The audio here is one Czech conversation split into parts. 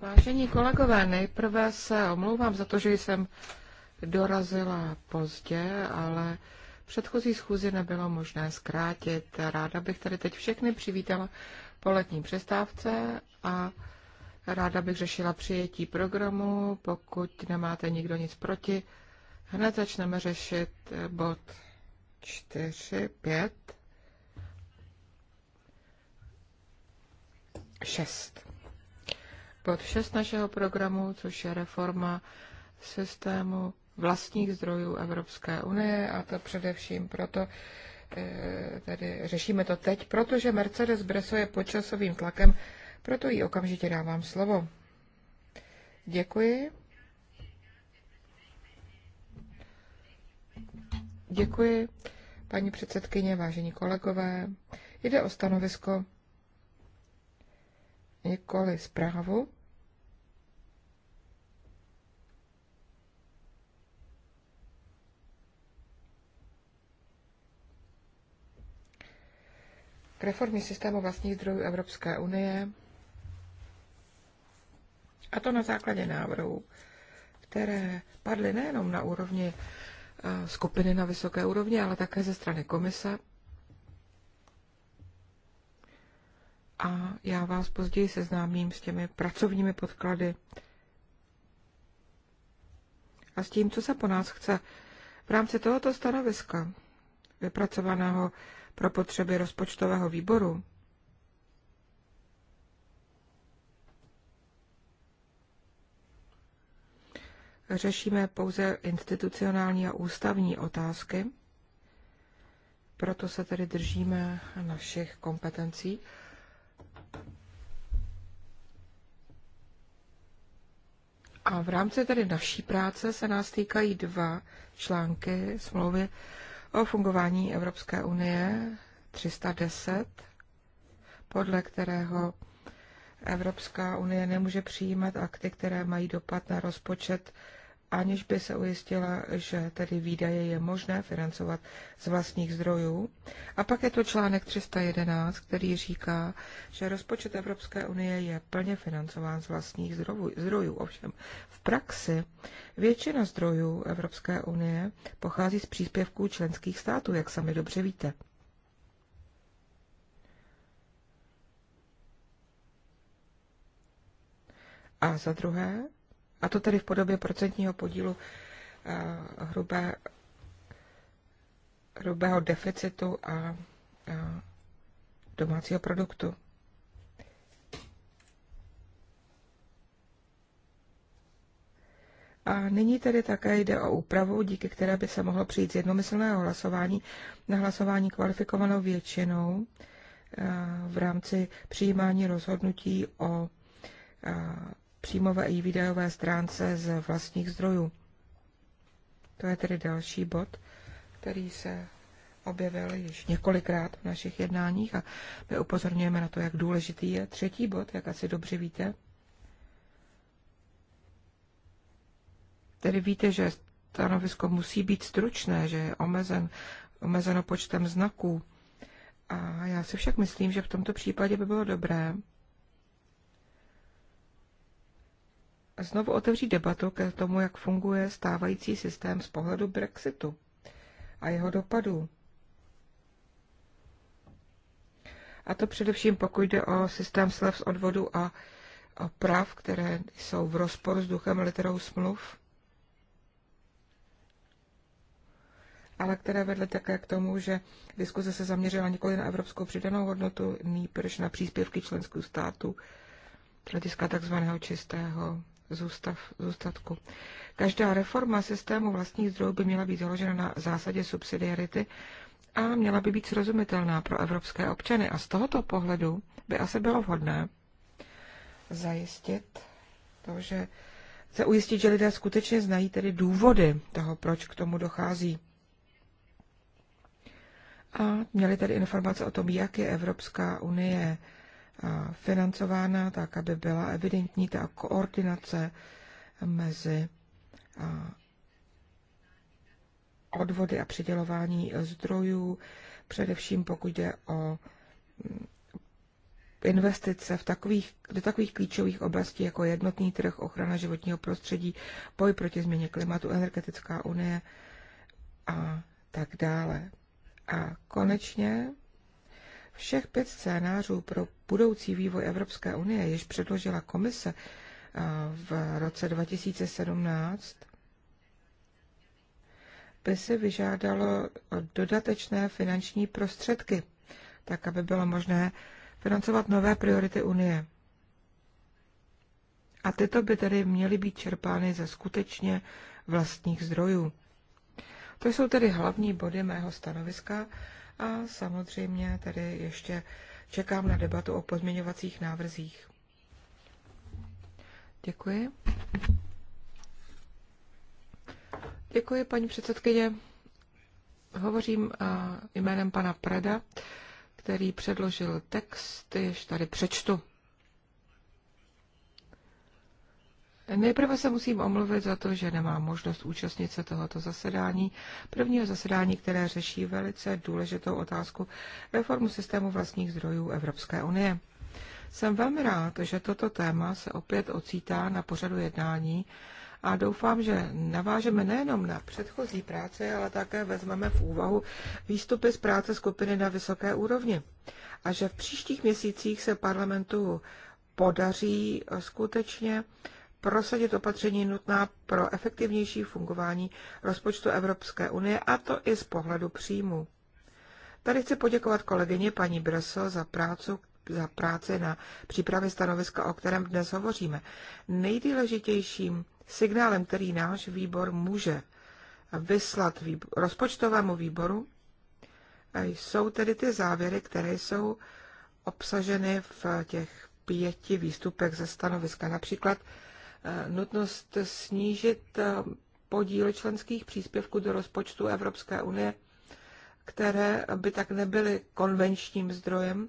Vážení kolegové, nejprve se omlouvám za to, že jsem dorazila pozdě, ale předchozí schůzi nebylo možné zkrátit. Ráda bych tady teď všechny přivítala po letní přestávce a ráda bych řešila přijetí programu. Pokud nemáte nikdo nic proti, hned začneme řešit bod 4, 5. 6. Bod 6 našeho programu, což je reforma systému vlastních zdrojů Evropské unie a to především proto, eh, tedy řešíme to teď, protože Mercedes Breso je pod časovým tlakem, proto jí okamžitě dávám slovo. Děkuji. Děkuji, paní předsedkyně, vážení kolegové. Jde o stanovisko nikoli zprávu. K reformě systému vlastních zdrojů Evropské unie, a to na základě návrhů, které padly nejenom na úrovni eh, skupiny na vysoké úrovni, ale také ze strany komise a já vás později seznámím s těmi pracovními podklady a s tím, co se po nás chce. V rámci tohoto stanoviska, vypracovaného pro potřeby rozpočtového výboru, řešíme pouze institucionální a ústavní otázky, proto se tedy držíme našich kompetencí. A v rámci tedy naší práce se nás týkají dva články smlouvy o fungování Evropské unie 310, podle kterého Evropská unie nemůže přijímat akty, které mají dopad na rozpočet aniž by se ujistila, že tedy výdaje je možné financovat z vlastních zdrojů. A pak je to článek 311, který říká, že rozpočet Evropské unie je plně financován z vlastních zdrojů. Ovšem v praxi většina zdrojů Evropské unie pochází z příspěvků členských států, jak sami dobře víte. A za druhé, a to tedy v podobě procentního podílu eh, hrubé, hrubého deficitu a, eh, domácího produktu. A nyní tedy také jde o úpravu, díky které by se mohlo přijít z jednomyslného hlasování na hlasování kvalifikovanou většinou eh, v rámci přijímání rozhodnutí o příjmové i výdajové stránce z vlastních zdrojů. To je tedy další bod, který se objevil již několikrát v našich jednáních a my upozorňujeme na to, jak důležitý je. Třetí bod, jak asi dobře víte, tedy víte, že stanovisko musí být stručné, že je omezen, omezeno počtem znaků. A já si však myslím, že v tomto případě by bylo dobré, znovu otevřít debatu ke tomu, jak funguje stávající systém z pohledu Brexitu a jeho dopadů. A to především pokud jde o systém slev z odvodu a o prav, které jsou v rozporu s duchem literou smluv, ale které vedly také k tomu, že diskuze se zaměřila nikoli na evropskou přidanou hodnotu, nýprž na příspěvky členských států hlediska takzvaného čistého zůstav, zůstatku. Každá reforma systému vlastních zdrojů by měla být založena na zásadě subsidiarity a měla by být srozumitelná pro evropské občany. A z tohoto pohledu by asi bylo vhodné zajistit to, že se ujistit, že lidé skutečně znají tedy důvody toho, proč k tomu dochází. A měli tedy informace o tom, jak je Evropská unie financována tak, aby byla evidentní ta koordinace mezi odvody a přidělování zdrojů, především pokud jde o mm, investice v takových, do takových klíčových oblastí, jako jednotný trh, ochrana životního prostředí, boj proti změně klimatu, energetická unie a tak dále. A konečně Všech pět scénářů pro budoucí vývoj Evropské unie, jež předložila komise eh, v roce 2017, by se vyžádalo dodatečné finanční prostředky, tak aby bylo možné financovat nové priority Unie. A tyto by tedy měly být čerpány ze skutečně vlastních zdrojů. To jsou tedy hlavní body mého stanoviska a samozřejmě tady ještě čekám na debatu o pozměňovacích návrzích. Děkuji. Děkuji, paní předsedkyně. Hovořím jménem pana Preda, který předložil text, jež tady přečtu. Nejprve se musím omluvit za to, že nemám možnost účastnit se tohoto zasedání, prvního zasedání, které řeší velice důležitou otázku reformu systému vlastních zdrojů Evropské unie. Jsem velmi rád, že toto téma se opět ocítá na pořadu jednání a doufám, že navážeme nejenom na předchozí práce, ale také vezmeme v úvahu výstupy z práce skupiny na vysoké úrovni a že v příštích měsících se parlamentu podaří skutečně prosadit opatření nutná pro efektivnější fungování rozpočtu Evropské unie, a to i z pohledu příjmu. Tady chci poděkovat kolegyně paní Breso za prácu, za práci na přípravě stanoviska, o kterém dnes hovoříme. Nejdůležitějším signálem, který náš výbor může vyslat výbor, rozpočtovému výboru, jsou tedy ty závěry, které jsou obsaženy v těch pěti výstupech ze stanoviska. Například nutnost snížit eh, podíl členských příspěvků do rozpočtu Evropské unie, které by tak nebyly konvenčním zdrojem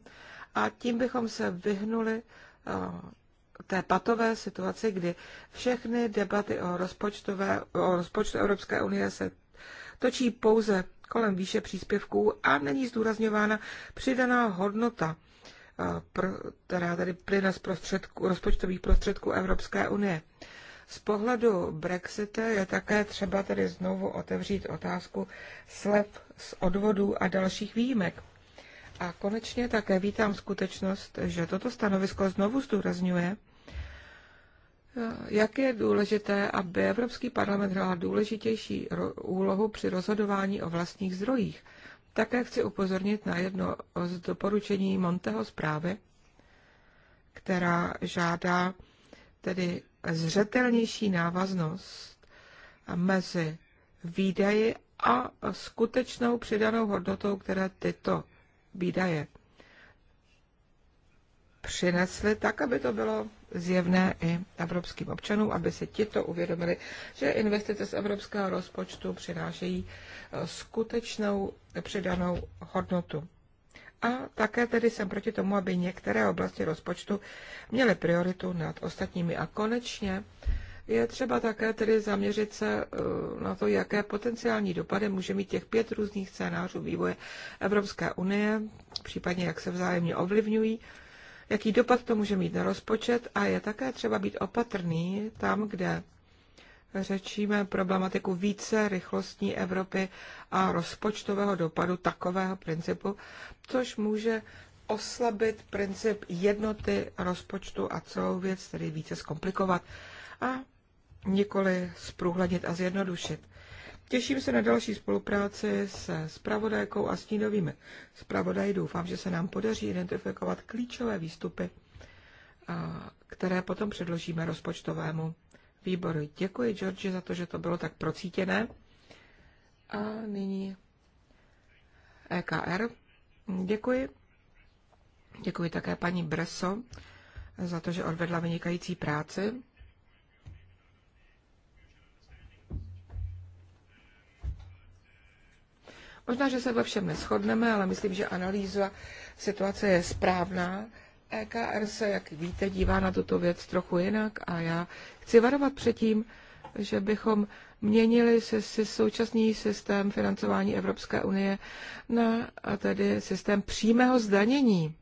a tím bychom se vyhnuli eh, té patové situaci, kdy všechny debaty o, rozpočtové, o rozpočtu Evropské unie se točí pouze kolem výše příspěvků a není zdůrazňována přidaná hodnota která tady plyne z prostředku, rozpočtových prostředků Evropské unie. Z pohledu Brexitu je také třeba tedy znovu otevřít otázku slev z odvodů a dalších výjimek. A konečně také vítám skutečnost, že toto stanovisko znovu zdůrazňuje, jak je důležité, aby Evropský parlament hrál důležitější úlohu při rozhodování o vlastních zdrojích. Také chci upozornit na jedno z doporučení Monteho zprávy, která žádá tedy zřetelnější návaznost mezi výdaji a skutečnou přidanou hodnotou, které tyto výdaje přinesly, tak, aby to bylo zjevné i evropským občanům, aby se tito uvědomili, že investice z evropského rozpočtu přinášejí eh, skutečnou přidanou hodnotu. A také tedy jsem proti tomu, aby některé oblasti rozpočtu měly prioritu nad ostatními. A konečně je třeba také tedy zaměřit se eh, na to, jaké potenciální dopady může mít těch pět různých scénářů vývoje Evropské unie, případně jak se vzájemně ovlivňují jaký dopad to může mít na rozpočet a je také třeba být opatrný tam, kde řečíme problematiku více rychlostní Evropy a rozpočtového dopadu takového principu, což může oslabit princip jednoty rozpočtu a celou věc, tedy více zkomplikovat a nikoli zprůhlednit a zjednodušit. Těším se na další spolupráci se spravodajkou a stínovými zpravodaji. Doufám, že se nám podaří identifikovat klíčové výstupy, které potom předložíme rozpočtovému výboru. Děkuji, George, za to, že to bylo tak procítěné. A nyní EKR. Děkuji. Děkuji také paní Breso za to, že odvedla vynikající práci. Možná, že se ve všem neschodneme, ale myslím, že analýza situace je správná. EKR se, jak víte, dívá na tuto věc trochu jinak a já chci varovat před tím, že bychom měnili se, se současný systém financování Evropské unie na a tedy systém přímého zdanění.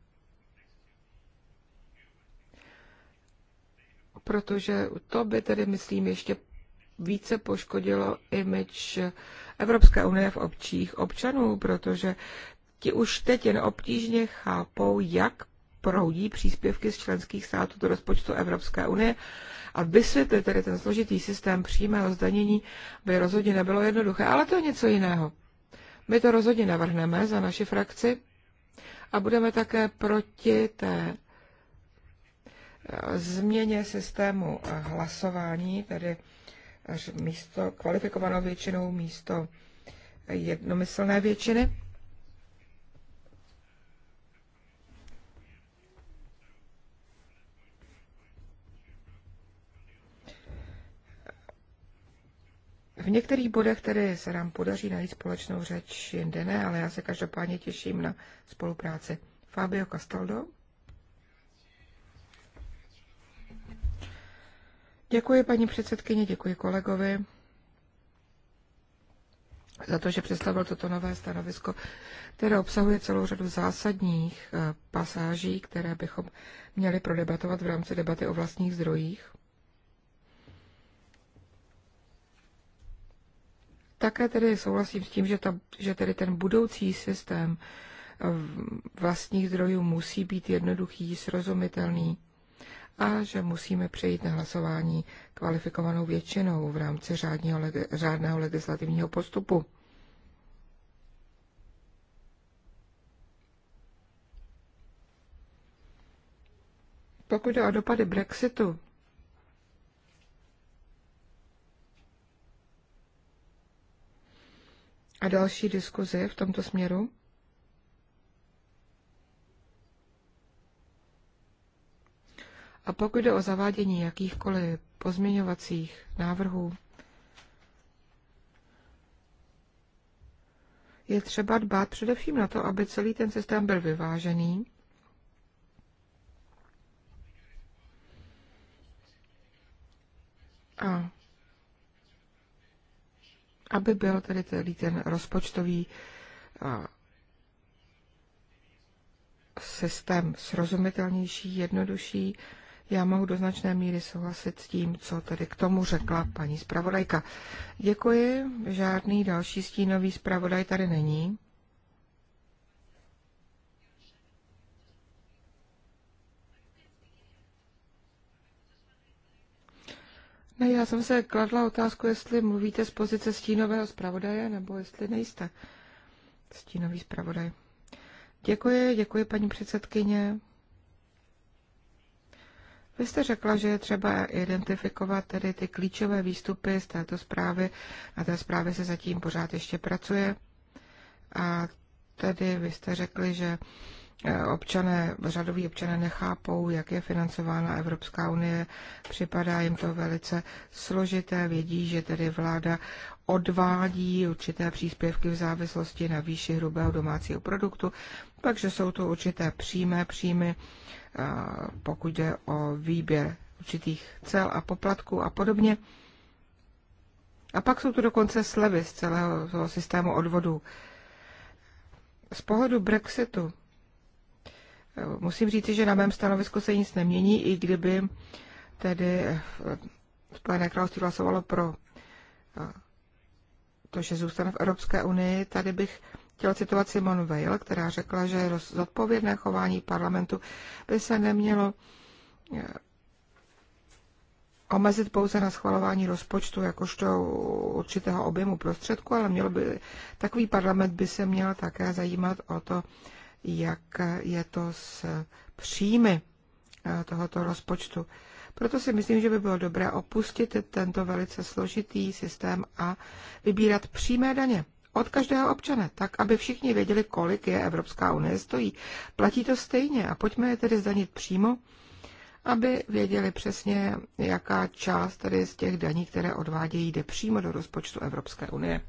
Protože to by tedy, myslím, ještě více poškodilo image Evropské unie v občích občanů, protože ti už teď jen obtížně chápou, jak proudí příspěvky z členských států do rozpočtu Evropské unie a vysvětlit tedy ten složitý systém přímého zdanění by rozhodně nebylo jednoduché, ale to je něco jiného. My to rozhodně navrhneme za naši frakci a budeme také proti té eh, změně systému eh, hlasování, tedy místo kvalifikovanou většinou, místo jednomyslné většiny. V některých bodech tedy se nám podaří najít společnou řeč, jinde ne, ale já se každopádně těším na spolupráci. Fabio Castaldo. Děkuji paní předsedkyně, děkuji kolegovi za to, že představil toto nové stanovisko, které obsahuje celou řadu zásadních eh, pasáží, které bychom měli prodebatovat v rámci debaty o vlastních zdrojích. Také tedy souhlasím s tím, že, ta, že tedy ten budoucí systém eh, vlastních zdrojů musí být jednoduchý, srozumitelný a že musíme přejít na hlasování kvalifikovanou většinou v rámci řádního, řádného legislativního postupu. Pokud jde o dopady Brexitu, a další diskuzi v tomto směru? A pokud jde o zavádění jakýchkoliv pozměňovacích návrhů, je třeba dbát především na to, aby celý ten systém byl vyvážený, a aby byl tedy celý ten rozpočtový systém srozumitelnější, jednodušší já mohu do značné míry souhlasit s tím, co tedy k tomu řekla paní zpravodajka. Děkuji, žádný další stínový zpravodaj tady není. Ne, já jsem se kladla otázku, jestli mluvíte z pozice stínového zpravodaje, nebo jestli nejste stínový zpravodaj. Děkuji, děkuji paní předsedkyně. Vy jste řekla, že je třeba identifikovat tedy ty klíčové výstupy z této zprávy. Na té zprávě se zatím pořád ještě pracuje. A tedy vy jste řekli, že eh, občané, řadoví občané nechápou, jak je financována Evropská unie, připadá jim to velice složité, vědí, že tedy vláda odvádí určité příspěvky v závislosti na výši hrubého domácího produktu, takže jsou to určité přímé příjmy, pokud jde o výběr určitých cel a poplatků a podobně. A pak jsou tu dokonce slevy z celého toho systému odvodů. Z pohledu Brexitu musím říci, že na mém stanovisku se nic nemění, i kdyby tedy Spojené království hlasovalo pro to, že zůstane v Evropské unii, tady bych chtěla citovat Simon Weil, která řekla, že zodpovědné chování parlamentu by se nemělo eh, omezit pouze na schvalování rozpočtu jakožto určitého objemu prostředku, ale mělo by, takový parlament by se měl také zajímat o to, jak je to s příjmy eh, tohoto rozpočtu. Proto si myslím, že by bylo dobré opustit tento velice složitý systém a vybírat přímé daně od každého občana, tak aby všichni věděli, kolik je Evropská unie stojí. Platí to stejně a pojďme je tedy zdanit přímo, aby věděli přesně, jaká část tedy z těch daní, které odvádějí, jde přímo do rozpočtu Evropské unie.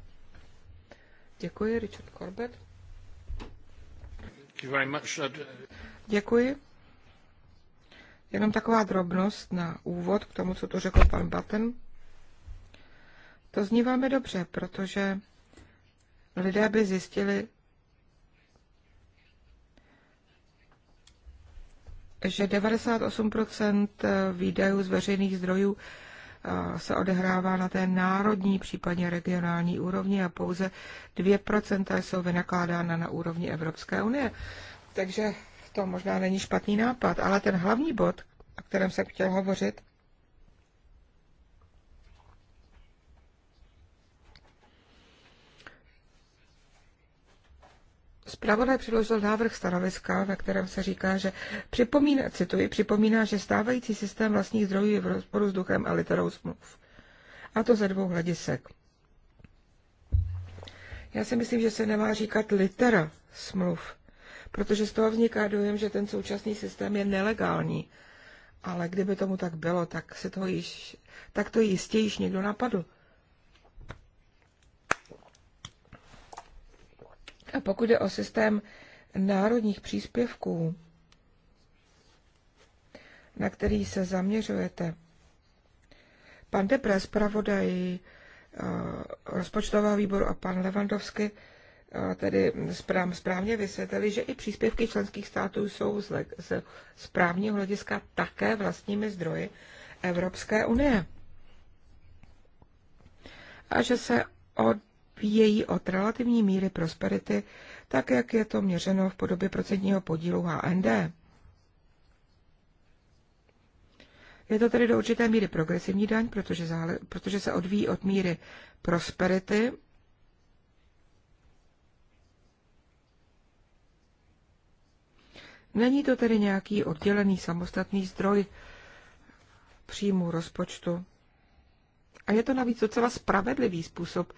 Děkuji, Richard Corbett. Děkuji. Jenom taková drobnost na úvod k tomu, co tu řekl pan Batten. To zní velmi dobře, protože lidé by zjistili, že 98% výdajů z veřejných zdrojů eh, se odehrává na té národní, případně regionální úrovni a pouze 2% jsou vynakládána na úrovni Evropské unie. Takže to možná není špatný nápad, ale ten hlavní bod, o kterém jsem chtěl hovořit, Zpravodaj předložil návrh stanoviska, ve kterém se říká, že připomíná, cituji, připomíná, že stávající systém vlastních zdrojů je v rozporu s duchem a literou smluv. A to ze dvou hledisek. Já si myslím, že se nemá říkat litera smluv, protože z toho vzniká dojem, že ten současný systém je nelegální. Ale kdyby tomu tak bylo, tak, se toho již, tak to jistě již někdo napadl. A pokud je o systém národních příspěvků, na který se zaměřujete, pan Depres, zpravodaj eh, rozpočtového výboru a pan Levandovsky tedy správně vysvětlili, že i příspěvky členských států jsou z, z právního hlediska také vlastními zdroji Evropské unie. A že se odvíjejí od relativní míry prosperity, tak jak je to měřeno v podobě procentního podílu HND. Je to tedy do určité míry progresivní daň, protože, zále, protože se odvíjí od míry prosperity Není to tedy nějaký oddělený samostatný zdroj příjmu rozpočtu. A je to navíc docela spravedlivý způsob,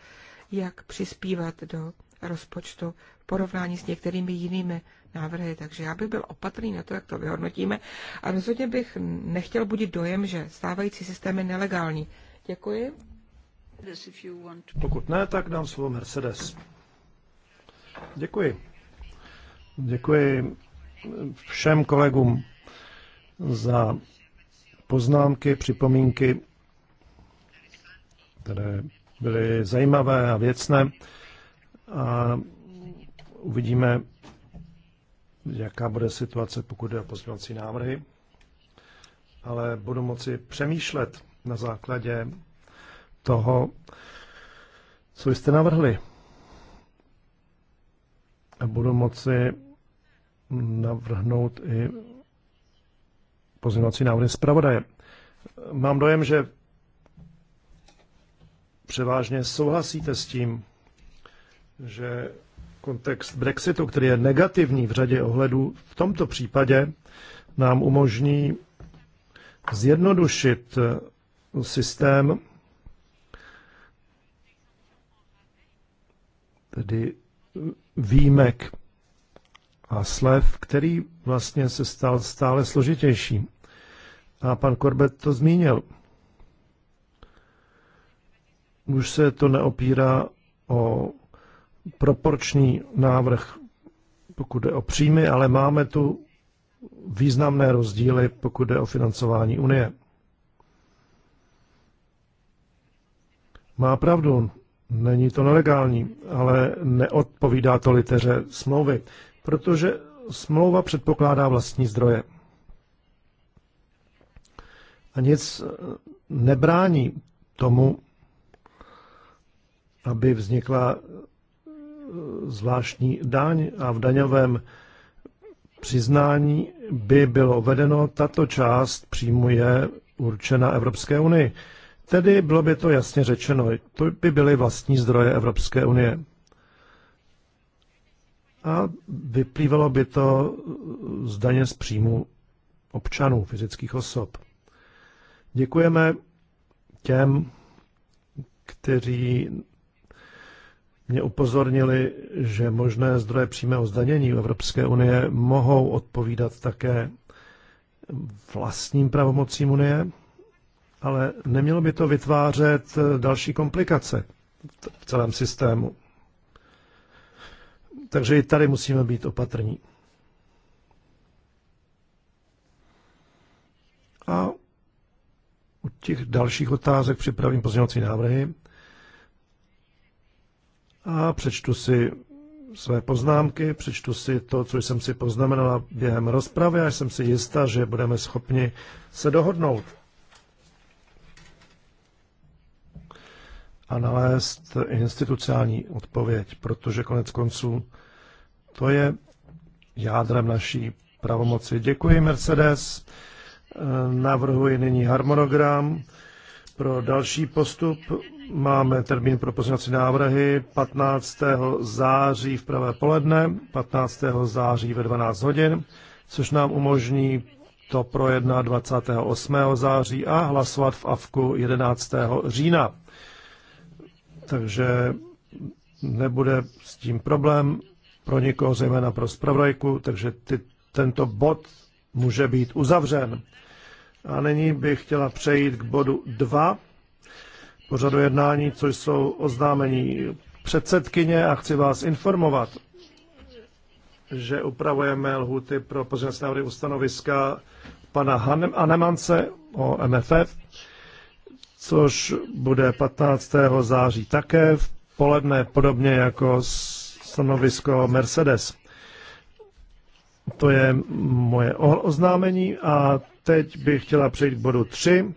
jak přispívat do rozpočtu v porovnání s některými jinými návrhy. Takže já bych byl opatrný na to, jak to vyhodnotíme a rozhodně bych nechtěl budit dojem, že stávající systém je nelegální. Děkuji. Pokud ne, tak dám slovo Mercedes. Děkuji. Děkuji všem kolegům za poznámky, připomínky, které byly zajímavé a věcné. A uvidíme, jaká bude situace, pokud jde o pozměňovací návrhy. Ale budu moci přemýšlet na základě toho, co jste navrhli. A budu moci navrhnout i pozměňovací návrhy zpravodaje. Mám dojem, že převážně souhlasíte s tím, že kontext Brexitu, který je negativní v řadě ohledů, v tomto případě nám umožní zjednodušit eh, systém, tedy eh, výjimek a slev, který vlastně se stal stále složitější. A pan Korbet to zmínil. Už se to neopírá o proporční návrh, pokud jde o příjmy, ale máme tu významné rozdíly, pokud jde o financování Unie. Má pravdu, není to nelegální, ale neodpovídá to liteře smlouvy protože smlouva předpokládá vlastní zdroje. A nic eh, nebrání tomu, aby vznikla eh, zvláštní daň a v daňovém přiznání by bylo vedeno, tato část příjmu je určena Evropské unii. Tedy bylo by to jasně řečeno, to by byly vlastní zdroje Evropské unie a vyplývalo by to z daně z příjmu občanů, fyzických osob. Děkujeme těm, kteří mě upozornili, že možné zdroje přímého zdanění v Evropské unie mohou odpovídat také vlastním pravomocím unie, ale nemělo by to vytvářet další komplikace v celém systému. Takže i tady musíme být opatrní. A u těch dalších otázek připravím pozměňovací návrhy a přečtu si své poznámky, přečtu si to, co jsem si poznamenala během rozpravy a jsem si jistá, že budeme schopni se dohodnout. a nalézt institucionální odpověď, protože konec konců to je jádrem naší pravomoci. Děkuji, Mercedes. Navrhuji nyní harmonogram pro další postup. Máme termín pro pozměňovací návrhy 15. září v pravé poledne, 15. září ve 12 hodin, což nám umožní to projednat 28. září a hlasovat v AVKu 11. října takže nebude s tím problém pro někoho, zejména pro zpravodajku, takže ty, tento bod může být uzavřen. A nyní bych chtěla přejít k bodu 2 pořadu jednání, což jsou oznámení předsedkyně a chci vás informovat, že upravujeme lhuty pro pozměnce návrhy ustanoviska pana Hanemance o MFF což bude 15. září také v poledne, podobně jako stanovisko Mercedes. To je moje oznámení a teď bych chtěla přejít k bodu 3,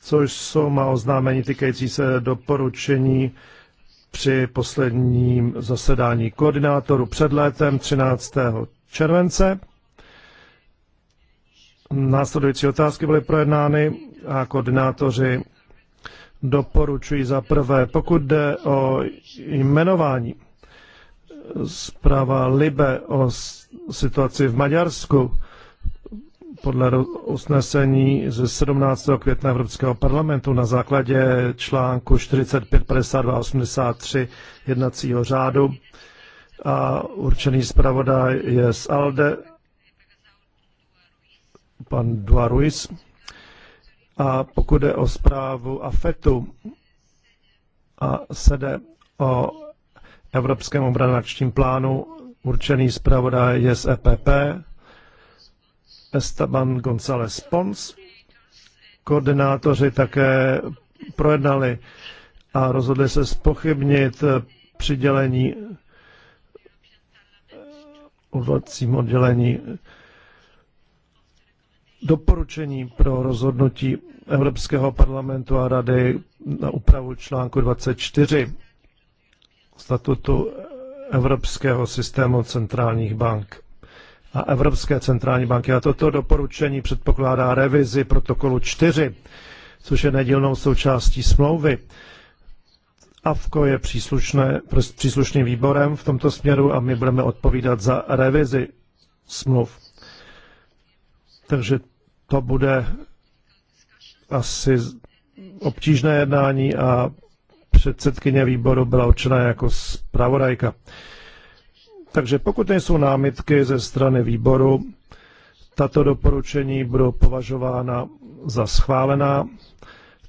což jsou má oznámení týkající se doporučení při posledním zasedání koordinátoru před létem 13. července. Následující otázky byly projednány a koordinátoři doporučují za prvé, pokud jde o jmenování, zpráva Libe o situaci v Maďarsku podle usnesení ze 17. května Evropského parlamentu na základě článku 45, 52, 83 jednacího řádu a určený zpravodaj je z ALDE, pan Duaruis. A pokud jde o zprávu fetu a sede o Evropském obranačním plánu, určený zpravodaj je z EPP, Esteban González Pons. Koordinátoři také projednali a rozhodli se spochybnit přidělení odvolacím oddělení doporučení pro rozhodnutí Evropského parlamentu a rady na úpravu článku 24 statutu Evropského systému centrálních bank a Evropské centrální banky. A toto doporučení předpokládá revizi protokolu 4, což je nedílnou součástí smlouvy. AFKO je příslušné, příslušným výborem v tomto směru a my budeme odpovídat za revizi smluv. Takže to bude asi obtížné jednání a předsedkyně výboru byla určena jako zpravodajka. Takže pokud nejsou námitky ze strany výboru, tato doporučení budou považována za schválená.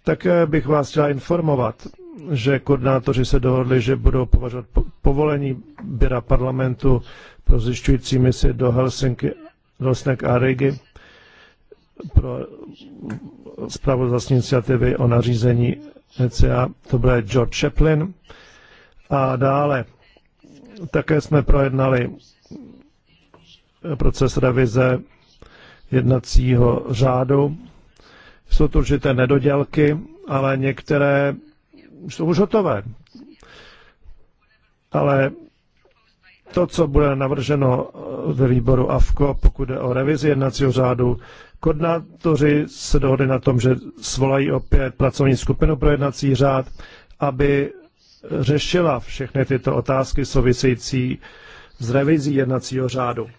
Také bych vás chtěla informovat, že koordinátoři se dohodli, že budou považovat povolení Běra parlamentu pro zjišťující misi do Helsinki, Helsinek a Rigi pro zprávu vlastní iniciativy o nařízení ECA, to byl George Chaplin. A dále také jsme projednali proces revize jednacího řádu. Jsou to určité nedodělky, ale některé jsou už hotové. Ale to, co bude navrženo ve výboru AFKO, pokud jde o revizi jednacího řádu, Koordinátoři se dohodli na tom, že svolají opět pracovní skupinu pro jednací řád, aby řešila všechny tyto otázky související s revizí jednacího řádu.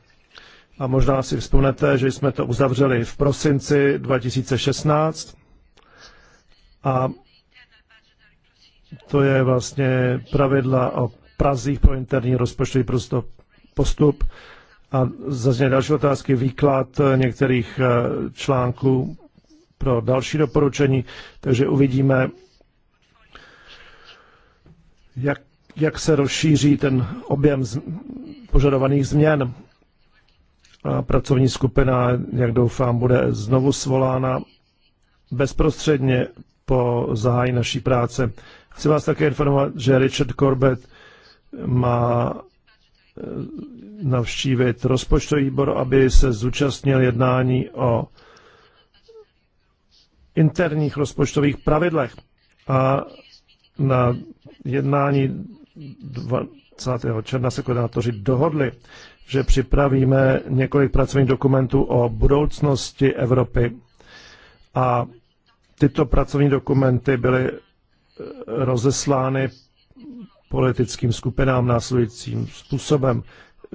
A možná si vzpomenete, že jsme to uzavřeli v prosinci 2016 a to je vlastně pravidla o prazích pro interní rozpočtový postup a zazně další otázky, výklad eh, některých eh, článků pro další doporučení, takže uvidíme, jak, jak se rozšíří ten objem z, požadovaných změn. A pracovní skupina, jak doufám, bude znovu svolána bezprostředně po zahájení naší práce. Chci vás také informovat, že Richard Corbett má eh, navštívit rozpočtový výbor, aby se zúčastnil jednání o interních rozpočtových pravidlech. A na jednání 20. června se koordinátoři dohodli, že připravíme několik pracovních dokumentů o budoucnosti Evropy. A tyto pracovní dokumenty byly eh, rozeslány politickým skupinám následujícím způsobem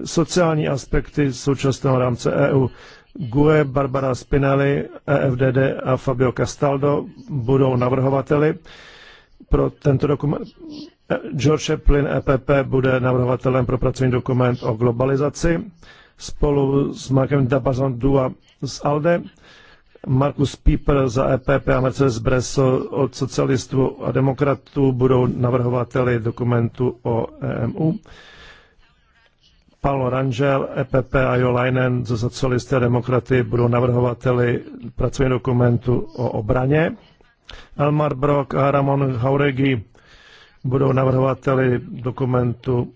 sociální aspekty současného rámce EU. GUE, Barbara Spinelli, EFDD a Fabio Castaldo budou navrhovateli pro tento dokument. E, George Chaplin EPP bude navrhovatelem pro pracovní dokument o globalizaci spolu s Markem Dabazon a z ALDE, Markus Pieper za EPP a Mercedes Bresso od socialistů a demokratů budou navrhovateli dokumentu o EMU. Paolo Rangel, EPP a Jo Leinen ze socialisté demokraty budou navrhovateli pracovní dokumentu o obraně. Elmar Brok a Ramon Hauregi budou navrhovateli dokumentu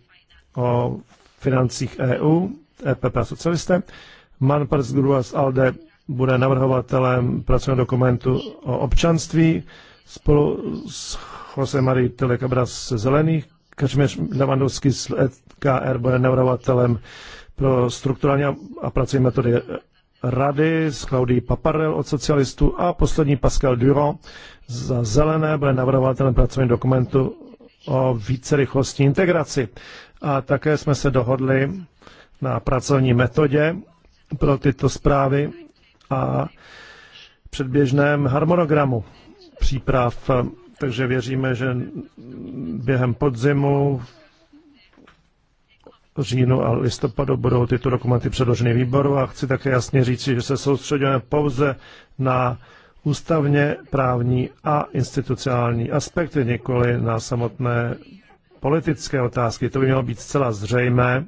o financích EU, EPP a socialisté. Manpers Gruas Alde bude navrhovatelem pracovního dokumentu o občanství spolu s Jose Marie Telecabras ze Zelených, Kačmíř Levandovský z KR bude navrhovatelem pro strukturální a pracovní metody rady s Claudii Paparel od socialistů a poslední Pascal Duro za zelené bude navrhovatelem pracovní dokumentu o vícerychlostní integraci. A také jsme se dohodli na pracovní metodě pro tyto zprávy a předběžném harmonogramu příprav takže věříme, že během podzimu, říjnu a listopadu budou tyto dokumenty předloženy výboru a chci také jasně říci, že se soustředíme pouze na ústavně právní a institucionální aspekty, nikoli na samotné politické otázky. To by mělo být zcela zřejmé.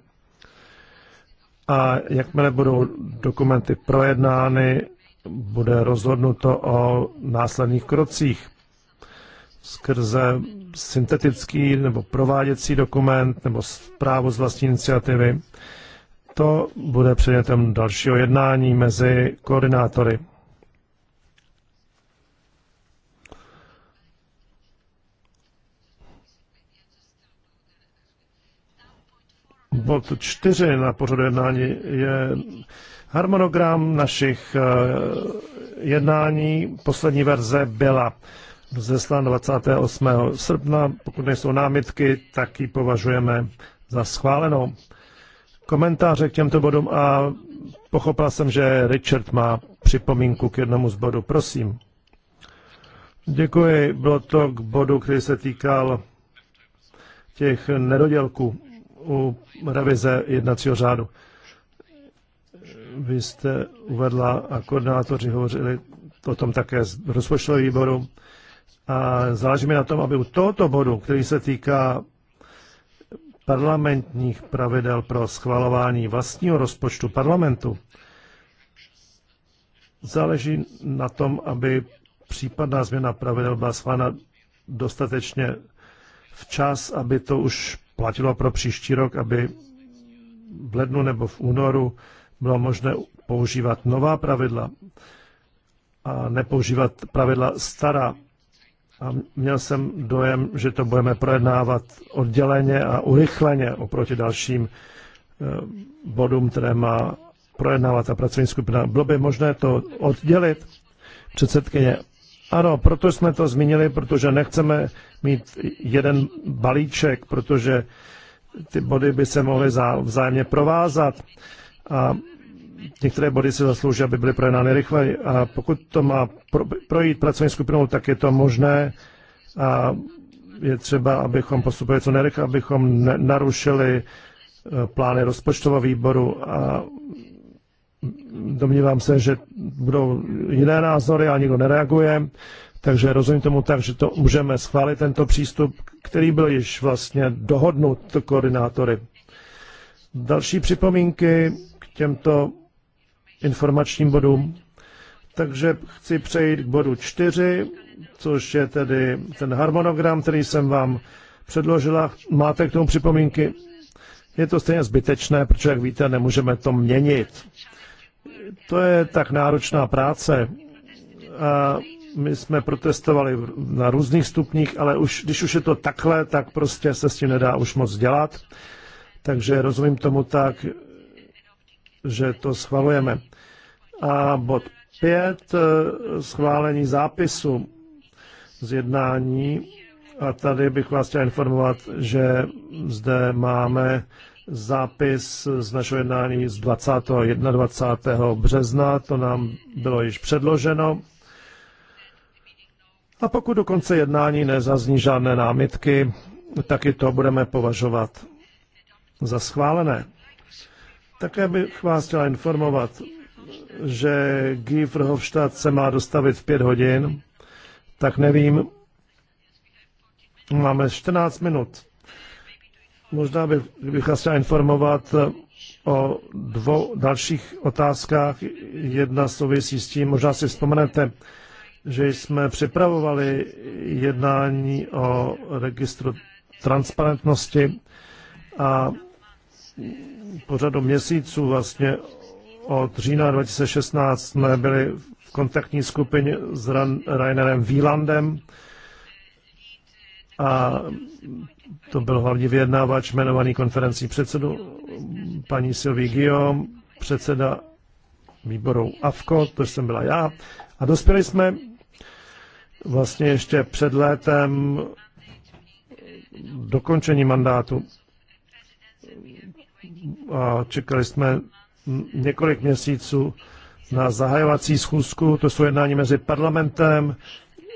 A jakmile budou dokumenty projednány, bude rozhodnuto o následných krocích skrze syntetický nebo prováděcí dokument nebo zprávu z vlastní iniciativy. To bude předmětem dalšího jednání mezi koordinátory. Bod čtyři na pořadu jednání je harmonogram našich eh, jednání. Poslední verze byla rozeslán 28. srpna. Pokud nejsou námitky, tak ji považujeme za schválenou. Komentáře k těmto bodům a pochopil jsem, že Richard má připomínku k jednomu z bodů. Prosím. Děkuji. Bylo to k bodu, který se týkal těch nedodělků u revize jednacího řádu. Vy jste uvedla a koordinátoři hovořili o tom také z rozpočtového výboru. A záleží mi na tom, aby u tohoto bodu, který se týká parlamentních pravidel pro schvalování vlastního rozpočtu parlamentu, záleží na tom, aby případná změna pravidel byla schválena dostatečně včas, aby to už platilo pro příští rok, aby v lednu nebo v únoru bylo možné používat nová pravidla a nepoužívat pravidla stará. A měl jsem dojem, že to budeme projednávat odděleně a urychleně oproti dalším eh, bodům, které má projednávat ta pracovní skupina. Bylo by možné to oddělit? Předsedkyně, ano, proto jsme to zmínili, protože nechceme mít jeden balíček, protože ty body by se mohly vzájemně provázat. A některé body si zaslouží, aby byly projednány rychle A pokud to má projít pracovní skupinou, tak je to možné a je třeba, abychom postupovali co nerychle, abychom narušili eh, plány rozpočtového výboru a domnívám se, že budou jiné názory a nikdo nereaguje, takže rozumím tomu tak, že to můžeme schválit tento přístup, který byl již vlastně dohodnut koordinátory. Další připomínky k těmto informačním bodům. Takže chci přejít k bodu 4, což je tedy ten harmonogram, který jsem vám předložila. Máte k tomu připomínky? Je to stejně zbytečné, protože, jak víte, nemůžeme to měnit. To je tak náročná práce. A my jsme protestovali na různých stupních, ale už, když už je to takhle, tak prostě se s tím nedá už moc dělat. Takže rozumím tomu tak, že to schvalujeme. A bod 5, eh, schválení zápisu z jednání. A tady bych vás chtěl informovat, že zde máme zápis z našeho jednání z 20. 21. března, to nám bylo již předloženo. A pokud do konce jednání nezazní žádné námitky, taky to budeme považovat za schválené. Také bych vás chtěla informovat, že Guy Verhofstadt se má dostavit v pět hodin, tak nevím, máme 14 minut. Možná bych, bych vás chtěl informovat o dvou dalších otázkách. Jedna souvisí s tím, možná si vzpomenete, že jsme připravovali jednání o registru transparentnosti a po řadu měsíců vlastně od října 2016 jsme byli v kontaktní skupině s Rainerem Wielandem a to byl hlavní vyjednávač jmenovaný konferencí předsedu paní Sylvie Gio, předseda výboru AFKO, to jsem byla já. A dospěli jsme vlastně ještě před létem dokončení mandátu a čekali jsme několik měsíců na zahajovací schůzku, to jsou jednání mezi parlamentem,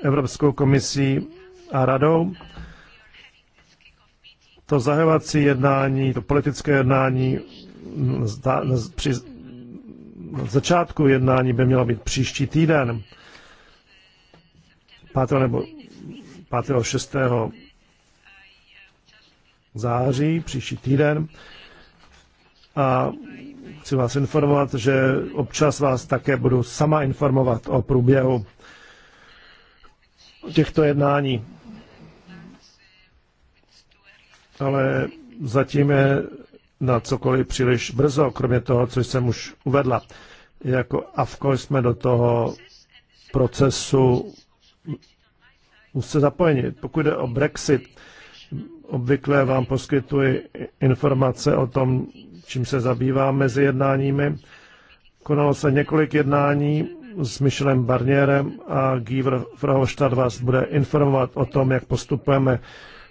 Evropskou komisí a radou. To zahajovací jednání, to politické jednání při začátku jednání by mělo být příští týden, 5. nebo 5. 6. září, příští týden. A chci vás informovat, že občas vás také budu sama informovat o průběhu těchto jednání. Ale zatím je na cokoliv příliš brzo, kromě toho, co jsem už uvedla. Jako AFKO jsme do toho procesu už se zapojeni. Pokud jde o Brexit, obvykle vám poskytuji informace o tom, čím se zabývá mezi jednáními. Konalo se několik jednání s Michelem Barnierem a Guy Verhofstadt vás bude informovat o tom, jak postupujeme,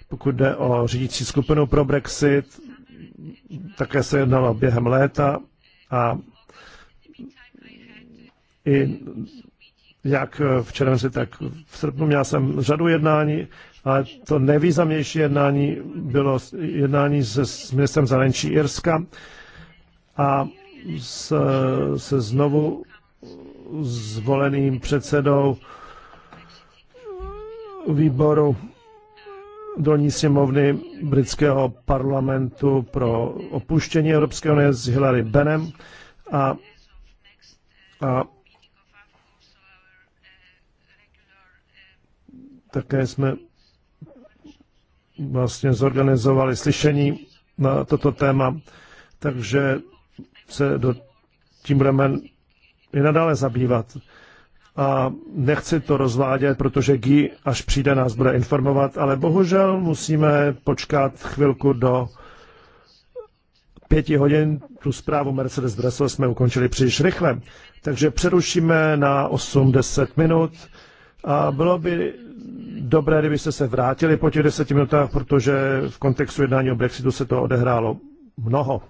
pokud jde o řídící skupinu pro Brexit. Také se jednalo během léta a i jak v červenci, tak v srpnu měl jsem řadu jednání a to nejvýznamnější jednání bylo jednání s, s ministrem zahraničí Irska a s se znovu zvoleným předsedou výboru dolní sněmovny britského parlamentu pro opuštění Evropské unie s Hillary Benem a, a také jsme vlastně zorganizovali slyšení na toto téma, takže se do, tím budeme i nadále zabývat. A nechci to rozvádět, protože Guy, až přijde, nás bude informovat, ale bohužel musíme počkat chvilku do pěti hodin. Tu zprávu Mercedes Bressel jsme ukončili příliš rychle, takže přerušíme na 8-10 minut a bylo by dobré, kdybyste se vrátili po těch deseti minutách, protože v kontextu jednání o Brexitu se to odehrálo mnoho.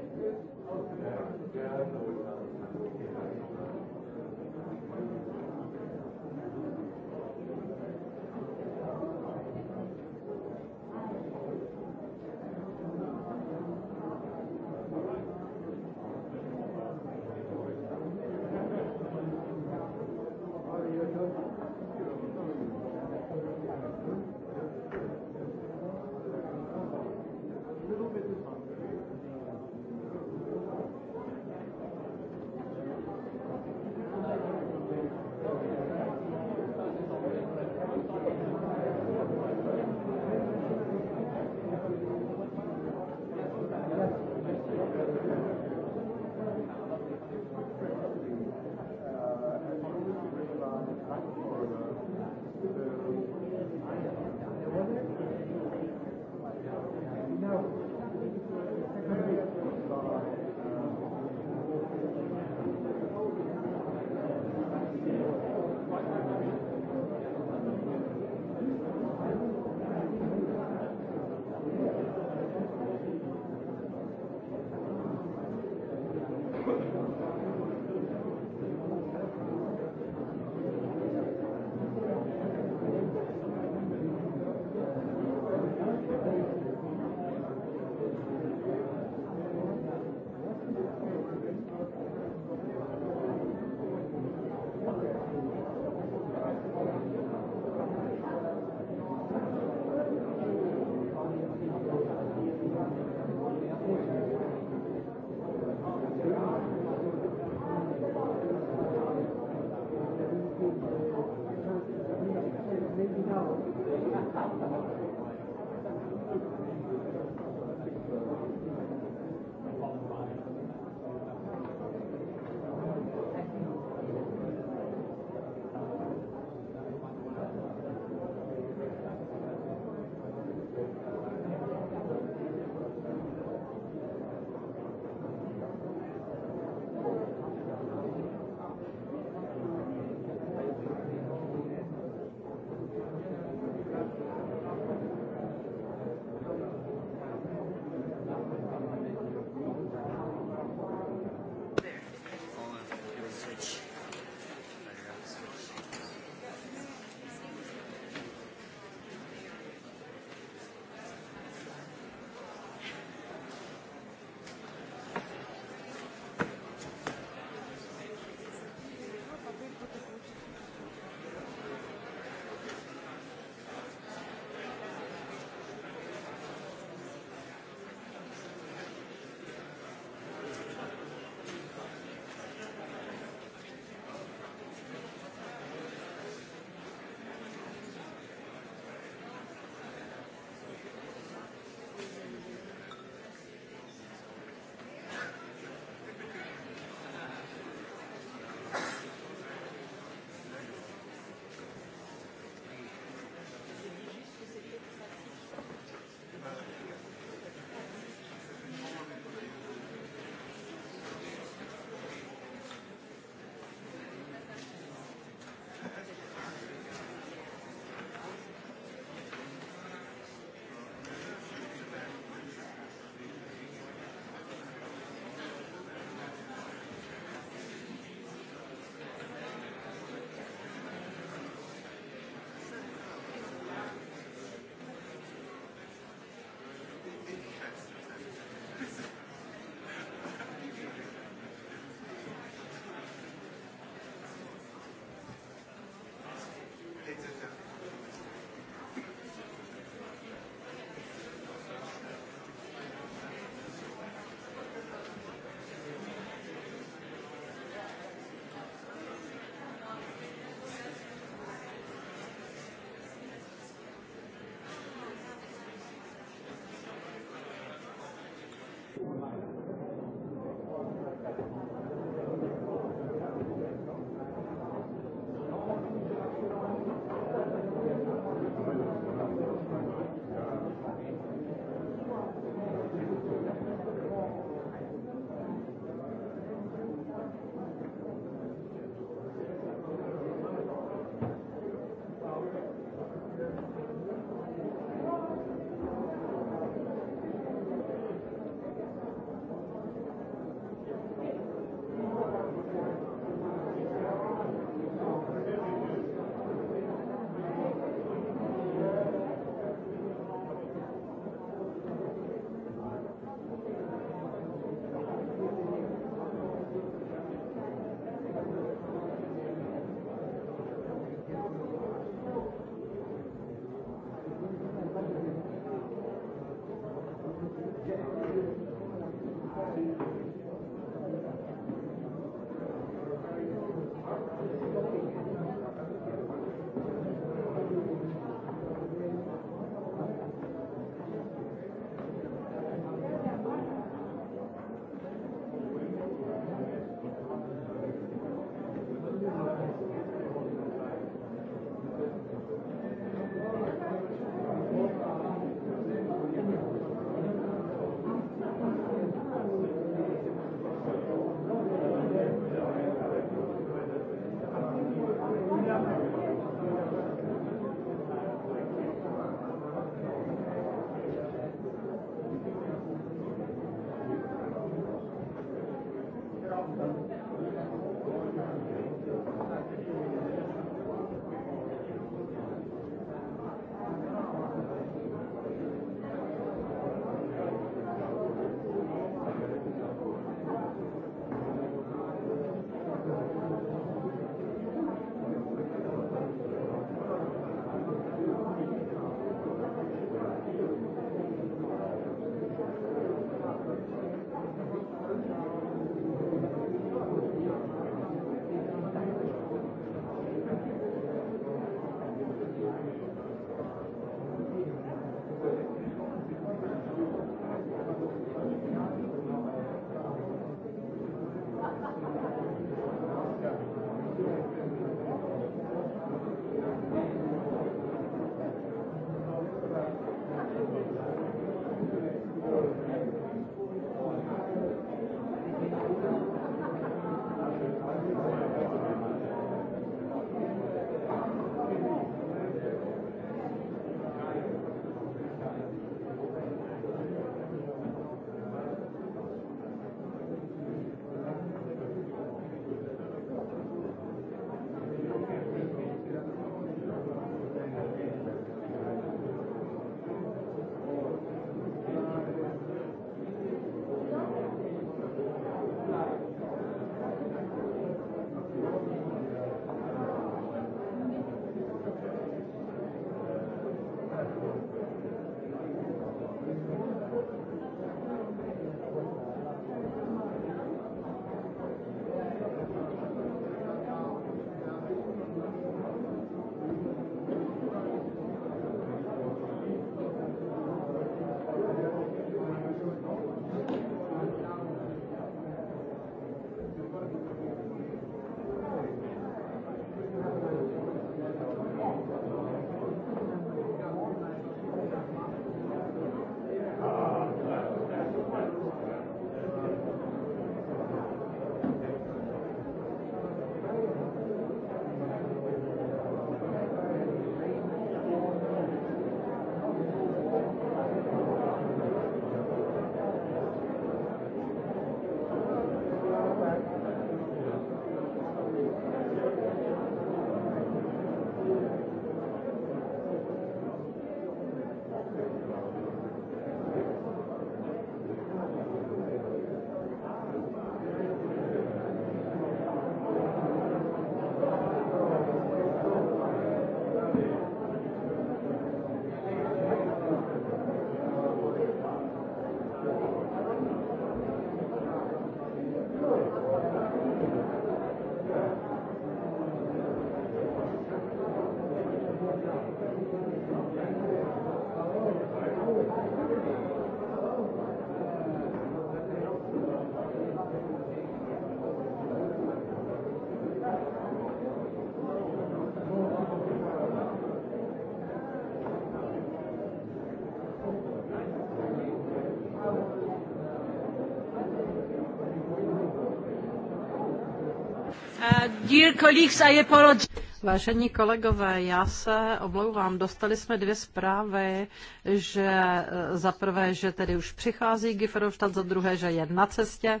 Dear colleagues, I apologize. Vážení kolegové, já se omlouvám. Dostali jsme dvě zprávy, že eh, za prvé, že tedy už přichází Giferovštad, za druhé, že je na cestě.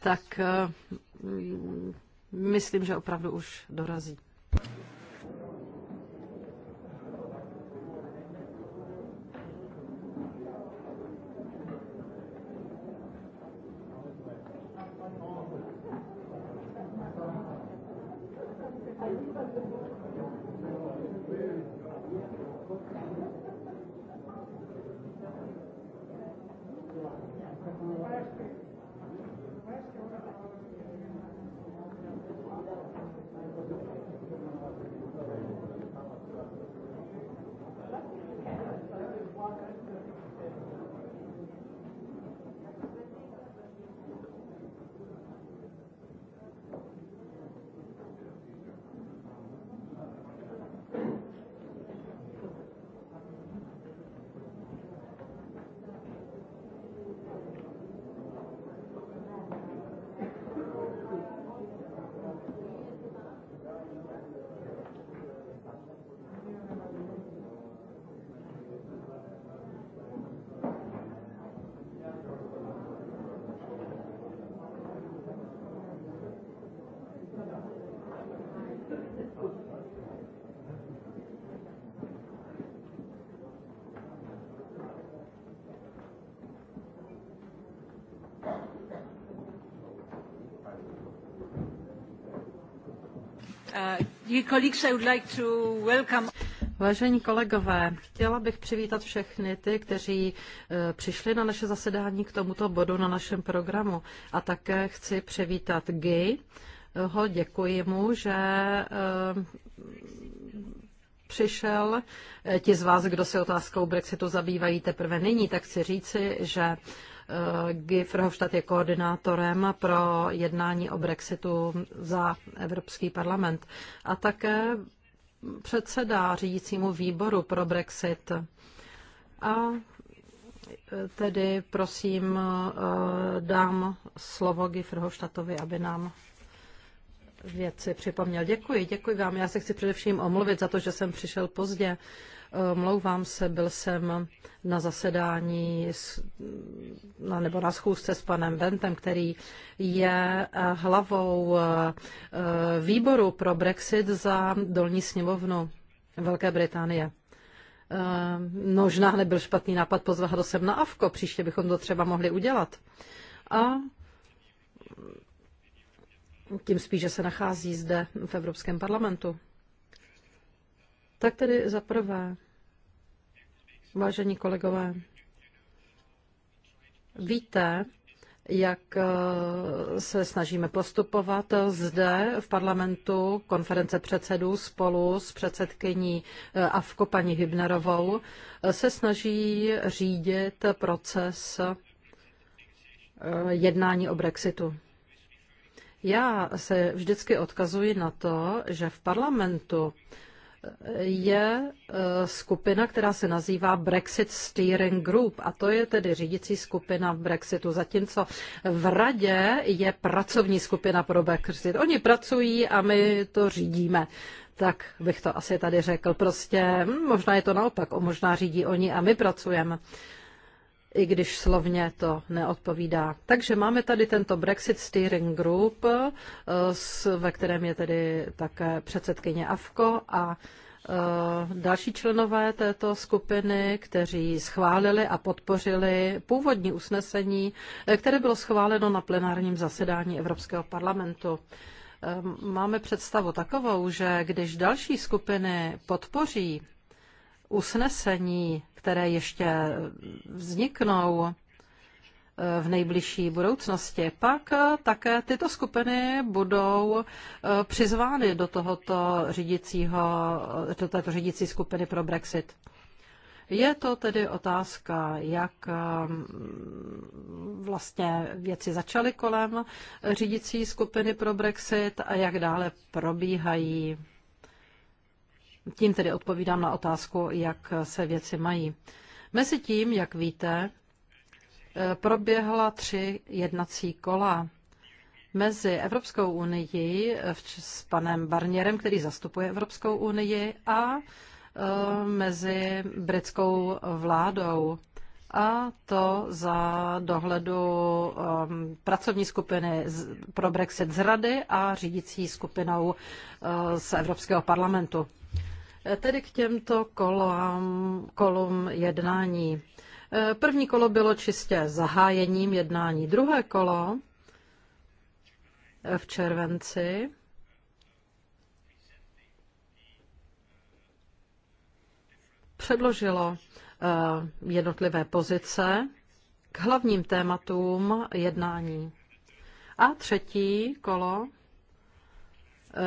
Tak eh, mm, myslím, že opravdu už dorazí. Uh, Vážení kolegové, chtěla bych přivítat všechny ty, kteří uh, přišli na naše zasedání k tomuto bodu na našem programu. A také chci přivítat Guy. děkuji mu, že přišel. Eh, ti z vás, kdo se otázkou Brexitu zabývají teprve nyní, tak chci říci, že eh, Guy Verhofstadt je koordinátorem pro jednání o Brexitu za Evropský parlament a také předsedá řídícímu výboru pro Brexit. A eh, tedy prosím dám slovo Guy aby nám věci připomněl. Děkuji, děkuji vám. Já se chci především omluvit za to, že jsem přišel pozdě. Mlouvám se, byl jsem na zasedání s, na, nebo na schůzce s panem Bentem, který je eh, hlavou eh, eh, výboru pro Brexit za dolní sněmovnu Velké Británie. Nožná možná nebyl špatný nápad pozvat ho sem na AVKO, příště bychom to třeba mohli udělat. A tím spíše se nachází zde v Evropském parlamentu. Tak tedy za prvé, vážení kolegové, víte, jak eh, se snažíme postupovat zde v parlamentu konference předsedů spolu s předsedkyní eh, Avko paní Hybnerovou eh, se snaží řídit proces jednání o Brexitu. Já se vždycky odkazuji na to, že v parlamentu je eh, skupina, která se nazývá Brexit Steering Group a to je tedy řídící skupina v Brexitu, zatímco v radě je pracovní skupina pro Brexit. Oni pracují a my to řídíme. Tak bych to asi tady řekl. Prostě hm, možná je to naopak, možná řídí oni a my pracujeme. Uh, i když slovně to neodpovídá. Takže máme tady tento Brexit Steering Group, eh, ve kterém je tedy také předsedkyně AFKO a eh, další členové této skupiny, kteří schválili a podpořili původní usnesení, eh, které bylo schváleno na plenárním zasedání Evropského parlamentu. Máme představu takovou, že když další skupiny podpoří usnesení, které ještě vzniknou eh, v nejbližší budoucnosti, pak eh, také tyto skupiny budou eh, přizvány do tohoto řídícího, do této řídící skupiny pro Brexit. Je to tedy otázka, jak vlastně věci začaly kolem řídící skupiny pro Brexit a jak dále probíhají. Tím tedy odpovídám na otázku, jak se věci mají. Mezi tím, jak víte, eh, proběhla tři jednací kola mezi Evropskou unii eh, s panem Barnierem, který zastupuje Evropskou unii, a eh, mezi britskou vládou. A to za dohledu pracovní skupiny pro Brexit z Rady a řídící skupinou z Evropského parlamentu. Tedy k těmto kolám, kolům jednání. Eh, první kolo bylo čistě zahájením jednání. Druhé kolo eh, v červenci předložilo eh, jednotlivé pozice k hlavním tématům jednání. A třetí kolo,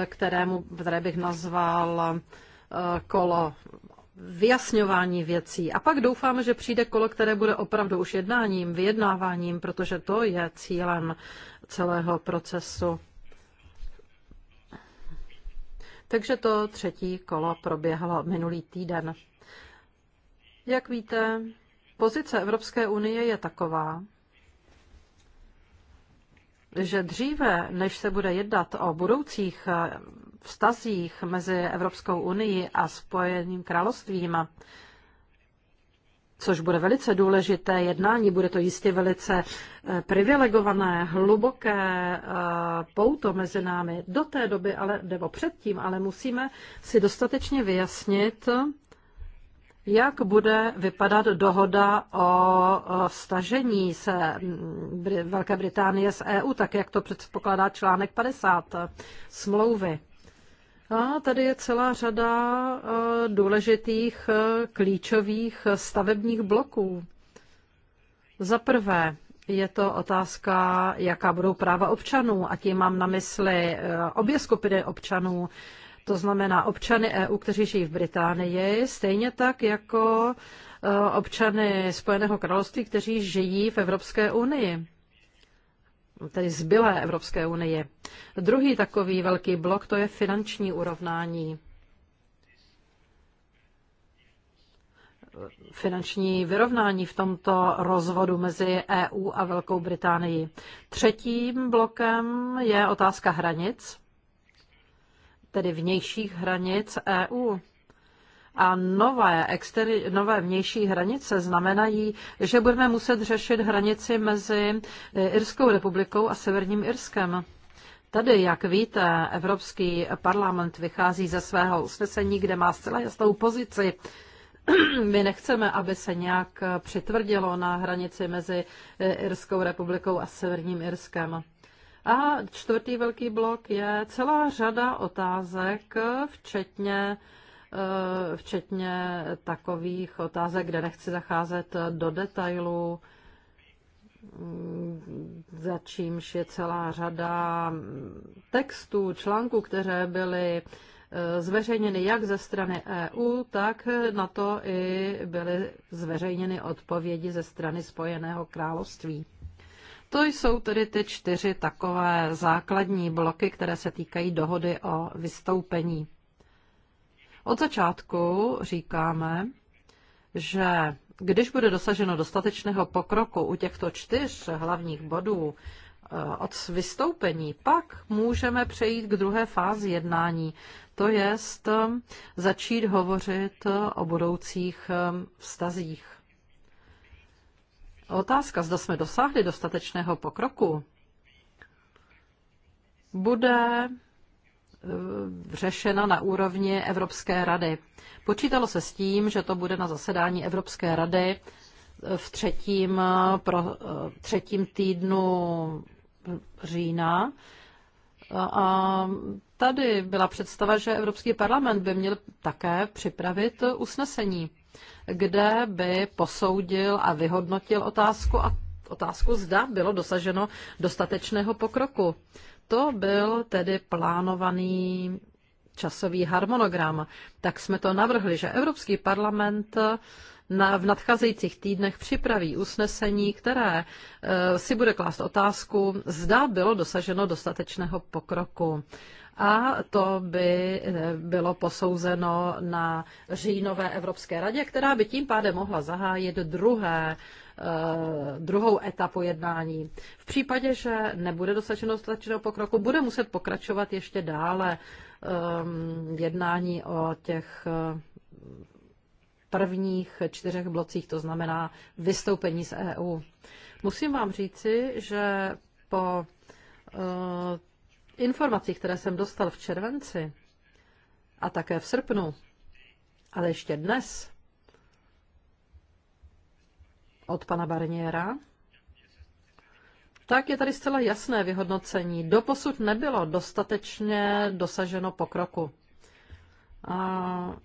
kterému, které bych nazval kolo vyjasňování věcí. A pak doufáme, že přijde kolo, které bude opravdu už jednáním, vyjednáváním, protože to je cílem celého procesu. Takže to třetí kolo proběhlo minulý týden. Jak víte, pozice Evropské unie je taková, že dříve, než se bude jednat o budoucích vztazích mezi Evropskou unii a Spojeným královstvím, což bude velice důležité jednání, bude to jistě velice eh, privilegované, hluboké eh, pouto mezi námi. Do té doby, ale, nebo předtím, ale musíme si dostatečně vyjasnit, jak bude vypadat dohoda o stažení se mm, Velké Británie z EU, tak jak to předpokládá článek 50 smlouvy. A tady je celá řada eh, důležitých eh, klíčových stavebních bloků. Za prvé je to otázka, jaká budou práva občanů, a tím mám na mysli eh, obě skupiny občanů, to znamená občany EU, kteří žijí v Británii, stejně tak jako občany Spojeného království, kteří žijí v Evropské unii tedy zbylé Evropské unie. Druhý takový velký blok to je finanční urovnání. finanční vyrovnání v tomto rozvodu mezi EU a Velkou Británií. Třetím blokem je otázka hranic, tedy vnějších hranic EU. A nové, exteri- nové vnější hranice znamenají, že budeme muset řešit hranici mezi eh, Irskou republikou a Severním Irskem. Tady, jak víte, Evropský parlament vychází ze svého usnesení, kde má zcela jasnou pozici. My nechceme, aby se nějak přitvrdilo na hranici mezi eh, Irskou republikou a Severním Irskem. A čtvrtý velký blok je celá řada otázek, včetně Eh, včetně takových otázek, kde nechci zacházet do detailů, mm, za čímž je celá řada textů, článků, které byly eh, zveřejněny jak ze strany EU, tak na to i byly zveřejněny odpovědi ze strany Spojeného království. To jsou tedy ty čtyři takové základní bloky, které se týkají dohody o vystoupení. Od začátku říkáme, že když bude dosaženo dostatečného pokroku u těchto čtyř hlavních bodů eh, od vystoupení, pak můžeme přejít k druhé fázi jednání, to je eh, začít hovořit o budoucích eh, vztazích. Otázka, zda jsme dosáhli dostatečného pokroku, bude Eh, řešena na úrovni Evropské rady. Počítalo se s tím, že to bude na zasedání Evropské rady eh, v třetím, eh, pro, třetím týdnu října. A tady byla představa, že Evropský parlament by měl také připravit usnesení, kde by posoudil a vyhodnotil otázku a otázku, zda bylo dosaženo dostatečného pokroku to byl tedy plánovaný časový harmonogram, tak jsme to navrhli, že Evropský parlament na, v nadcházejících týdnech připraví usnesení, které eh, si bude klást otázku, zda bylo dosaženo dostatečného pokroku a to by eh, bylo posouzeno na říjnové Evropské radě, která by tím pádem mohla zahájit druhé, eh, druhou etapu jednání. V případě, že nebude dosaženo dostatečného pokroku, bude muset pokračovat ještě dále jednání o těch prvních čtyřech blocích, to znamená vystoupení z EU. Musím vám říci, že po uh, eh, informacích, které jsem dostal v červenci a také v srpnu, ale ještě dnes od pana Barniera, tak je tady zcela jasné vyhodnocení. Doposud nebylo dostatečně dosaženo pokroku. A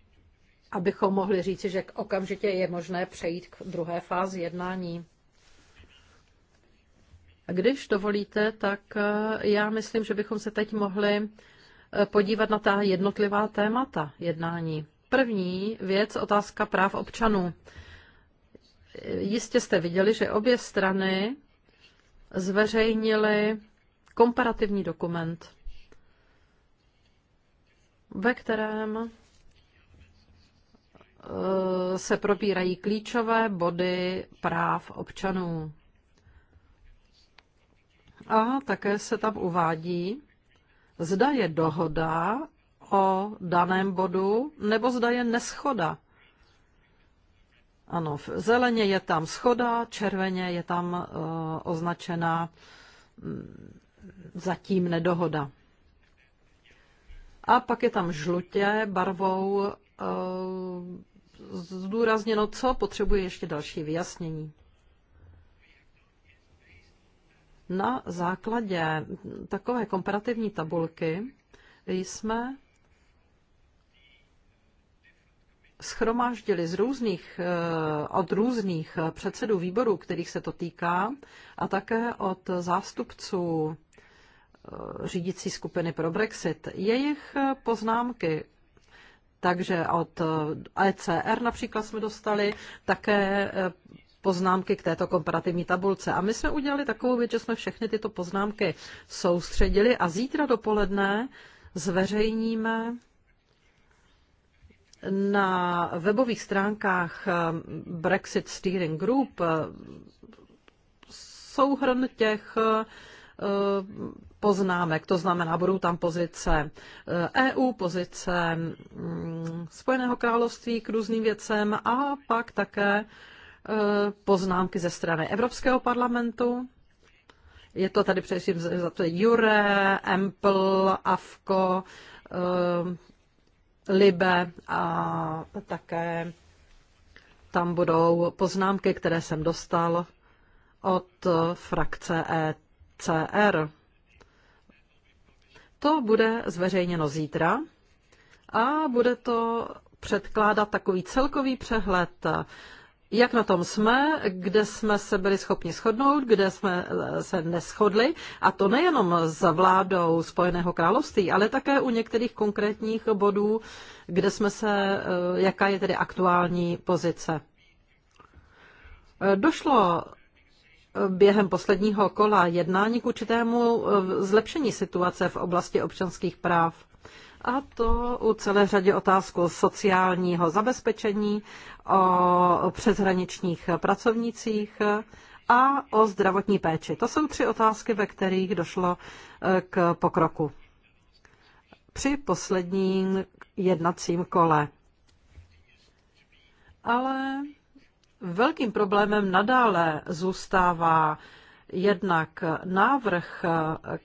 abychom mohli říci, že okamžitě je možné přejít k druhé fázi jednání. Když dovolíte, tak eh, já myslím, že bychom se teď mohli eh, podívat na ta jednotlivá témata jednání. První věc, otázka práv občanů. Jistě jste viděli, že obě strany zveřejnili komparativní dokument, ve kterém Eh, se probírají klíčové body práv občanů. A také se tam uvádí, zda je dohoda o daném bodu, nebo zda je neschoda. Ano, v zeleně je tam schoda, červeně je tam uh, eh, označená mm, zatím nedohoda. A pak je tam žlutě barvou uh, zdůrazněno, co potřebuje ještě další vyjasnění. Na základě takové komparativní tabulky jsme schromáždili z různých, eh, od různých předsedů výborů, kterých se to týká, a také od zástupců eh, řídící skupiny pro Brexit, jejich poznámky takže od ECR eh, e například jsme dostali také eh, poznámky k této komparativní tabulce. A my jsme udělali takovou věc, že jsme všechny tyto poznámky soustředili a zítra dopoledne zveřejníme na webových stránkách eh, Brexit Steering Group souhrn těch Eh, poznámek. To znamená, budou tam pozice EU, eh, e pozice mm, Spojeného království k různým věcem a pak také eh, poznámky ze strany Evropského parlamentu. Je to tady především za to Jure, Empl, Avko, Libe a také tam budou poznámky, které jsem dostal od frakce ET CR. To bude zveřejněno zítra a bude to předkládat takový celkový přehled, jak na tom jsme, kde jsme se byli schopni shodnout, kde jsme eh, se neschodli, a to nejenom za vládou Spojeného království, ale také u některých konkrétních bodů, kde jsme se, eh, jaká je tedy aktuální pozice. Eh, došlo během posledního kola jednání k určitému eh, zlepšení situace v oblasti občanských práv. A to u celé řadě otázku sociálního zabezpečení, o přeshraničních pracovnicích a o zdravotní péči. To jsou tři otázky, ve kterých došlo eh, k pokroku. Při posledním jednacím kole. Ale Velkým problémem nadále zůstává jednak návrh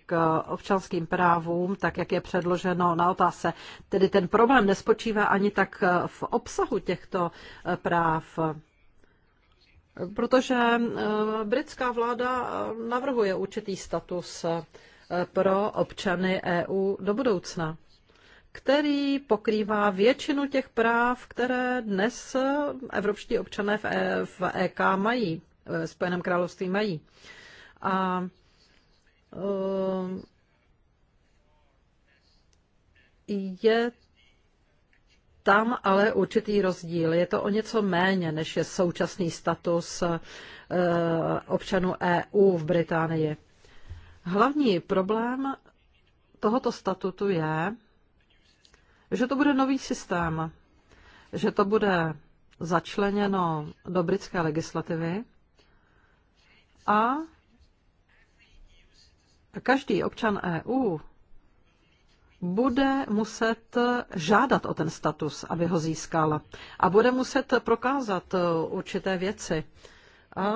k občanským právům, tak jak je předloženo na otázce. Tedy ten problém nespočívá ani tak v obsahu těchto práv. Protože eh, britská vláda navrhuje určitý status eh, pro občany EU do budoucna který pokrývá většinu těch práv, které dnes evropští občané v, e, v EK mají, v Spojeném království mají. A eh, je tam ale určitý rozdíl. Je to o něco méně, než je současný status eh, občanů EU v Británii. Hlavní problém tohoto statutu je, že to bude nový systém, že to bude začleněno do britské legislativy a každý občan EU bude muset žádat o ten status, aby ho získal a bude muset prokázat určité věci. A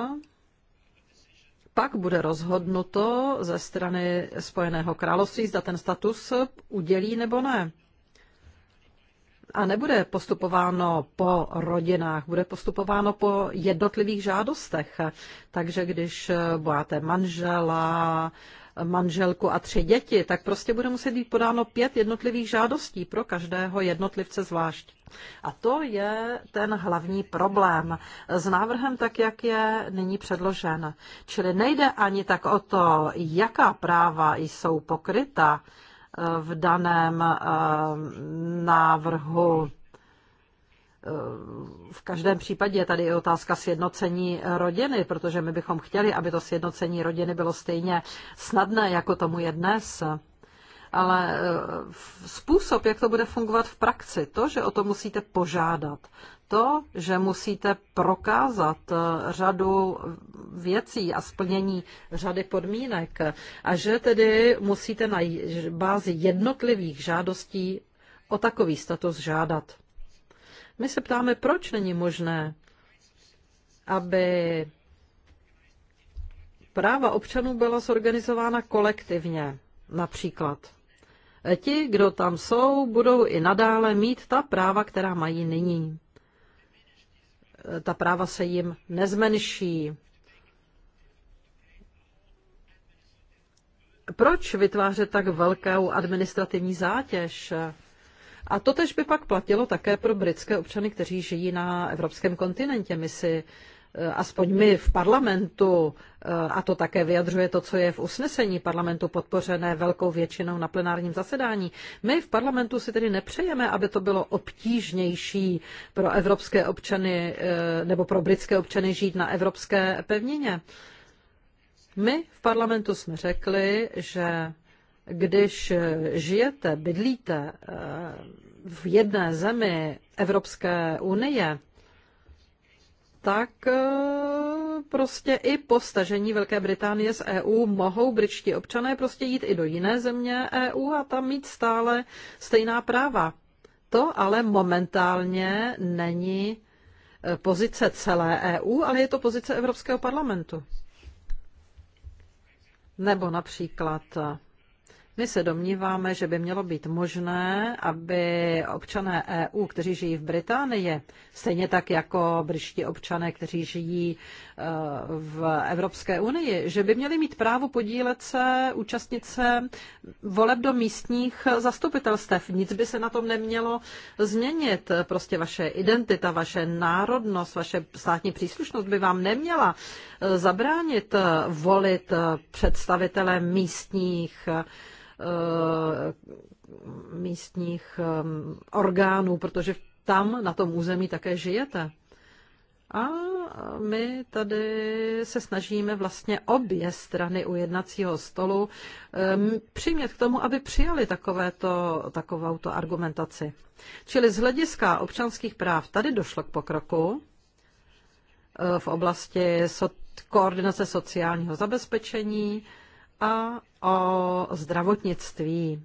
pak bude rozhodnuto ze strany Spojeného království, zda ten status udělí nebo ne a nebude postupováno po rodinách, bude postupováno po jednotlivých žádostech. Takže když máte manžela, manželku a tři děti, tak prostě bude muset být podáno pět jednotlivých žádostí pro každého jednotlivce zvlášť. A to je ten hlavní problém s návrhem tak, jak je nyní předložen. Čili nejde ani tak o to, jaká práva jsou pokryta, v daném eh, návrhu. V každém případě je tady je otázka sjednocení rodiny, protože my bychom chtěli, aby to sjednocení rodiny bylo stejně snadné, jako tomu je dnes ale e, způsob, jak to bude fungovat v praxi, to, že o to musíte požádat, to, že musíte prokázat e, řadu věcí a splnění řady podmínek a že tedy musíte na bázi jednotlivých žádostí o takový status žádat. My se ptáme, proč není možné, aby práva občanů byla zorganizována kolektivně, například ti, kdo tam jsou, budou i nadále mít ta práva, která mají nyní. Ta práva se jim nezmenší. Proč vytvářet tak velkou administrativní zátěž? A totež by pak platilo také pro britské občany, kteří žijí na evropském kontinentě. My si Eh, aspoň my v parlamentu, eh, a to také vyjadřuje to, co je v usnesení parlamentu podpořené velkou většinou na plenárním zasedání, my v parlamentu si tedy nepřejeme, aby to bylo obtížnější pro evropské občany eh, nebo pro britské občany žít na evropské pevnině. My v parlamentu jsme řekli, že když žijete, bydlíte v jedné zemi Evropské unie, tak eh, prostě i po stažení Velké Británie z EU mohou britští občané prostě jít i do jiné země EU a tam mít stále stejná práva. To ale momentálně není eh, pozice celé EU, ale je to pozice Evropského parlamentu. Nebo například eh, my se domníváme, že by mělo být možné, aby občané EU, kteří žijí v Británii, stejně tak jako britští občané, kteří žijí eh, v Evropské unii, že by měli mít právo podílet se, účastnit se voleb do místních zastupitelstev. Nic by se na tom nemělo změnit. Prostě vaše identita, vaše národnost, vaše státní příslušnost by vám neměla eh, zabránit eh, volit představitele místních Eh, místních eh, orgánů, protože tam na tom území také žijete. A my tady se snažíme vlastně obě strany u jednacího stolu eh, přimět k tomu, aby přijali takovéto, to argumentaci. Čili z hlediska občanských práv tady došlo k pokroku v oblasti so, koordinace sociálního zabezpečení, a o zdravotnictví.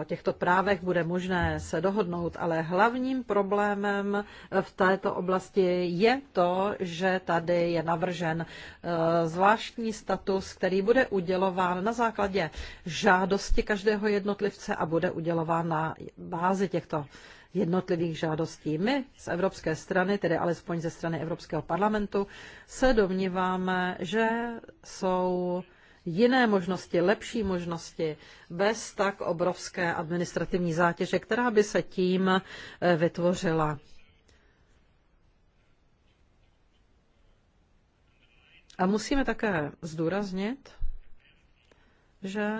O těchto právech bude možné se dohodnout, ale hlavním problémem v této oblasti je to, že tady je navržen eh, zvláštní status, který bude udělován na základě žádosti každého jednotlivce a bude udělován na bázi těchto jednotlivých žádostí. My z evropské strany, tedy alespoň ze strany Evropského parlamentu, se domníváme, že jsou jiné možnosti, lepší možnosti, bez tak obrovské administrativní zátěže, která by se tím eh, vytvořila. A musíme také zdůraznit, že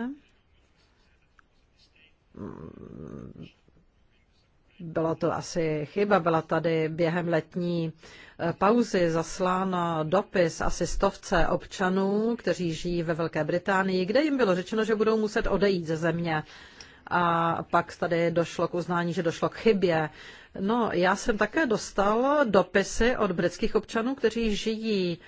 byla to asi chyba, byla tady během letní eh, pauzy zaslána dopis asi stovce občanů, kteří žijí ve Velké Británii, kde jim bylo řečeno, že budou muset odejít ze země. A pak tady došlo k uznání, že došlo k chybě. No, já jsem také dostal dopisy od britských občanů, kteří žijí uh,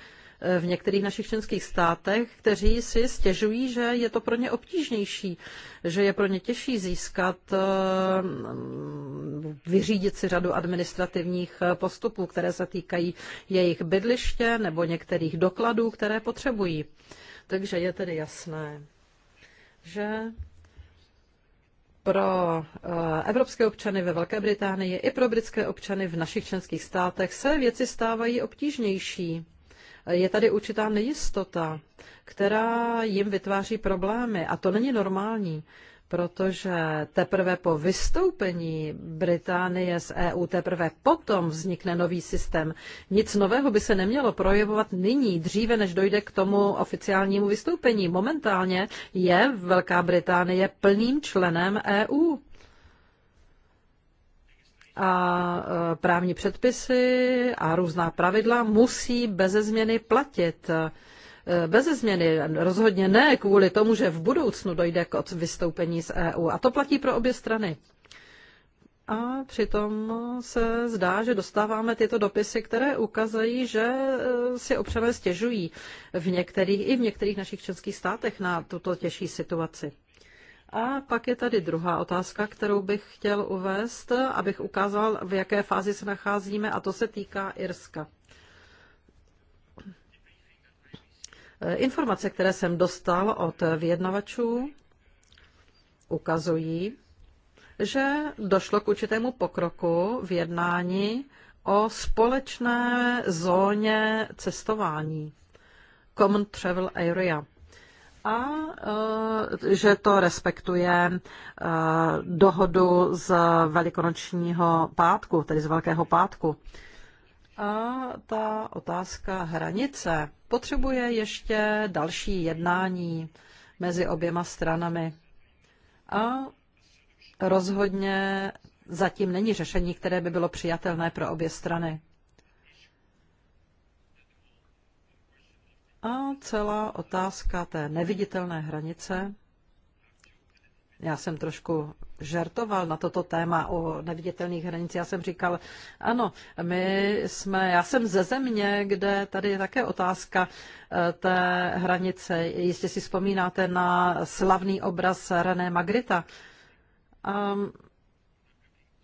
v některých našich členských státech, kteří si stěžují, že je to pro ně obtížnější, že je pro ně těžší získat, eh, vyřídit si řadu administrativních eh, postupů, které se týkají jejich bydliště nebo některých dokladů, které potřebují. Takže je tedy jasné, že pro eh, evropské občany ve Velké Británii i pro britské občany v našich členských státech se věci stávají obtížnější je tady určitá nejistota, která jim vytváří problémy. A to není normální, protože teprve po vystoupení Británie z EU, teprve potom vznikne nový systém. Nic nového by se nemělo projevovat nyní, dříve než dojde k tomu oficiálnímu vystoupení. Momentálně je Velká Británie plným členem EU a e, právní předpisy a různá pravidla musí beze změny platit. E, bez změny rozhodně ne kvůli tomu, že v budoucnu dojde k vystoupení z EU. A to platí pro obě strany. A přitom se zdá, že dostáváme tyto dopisy, které ukazují, že e, si občané stěžují v některých, i v některých našich českých státech na tuto těžší situaci. A pak je tady druhá otázka, kterou bych chtěl uvést, abych ukázal, v jaké fázi se nacházíme, a to se týká Irska. Informace, které jsem dostal od vyjednavačů, ukazují, že došlo k určitému pokroku v jednání o společné zóně cestování, Common Travel Area a eh, že to respektuje eh, dohodu z velikonočního pátku, tedy z Velkého pátku. A ta otázka hranice potřebuje ještě další jednání mezi oběma stranami. A rozhodně zatím není řešení, které by bylo přijatelné pro obě strany. A celá otázka té neviditelné hranice. Já jsem trošku žertoval na toto téma o neviditelných hranicích. Já jsem říkal, ano, my jsme, já jsem ze země, kde tady je také otázka eh, té hranice. Jistě si vzpomínáte na slavný obraz René Magrita. Ehm,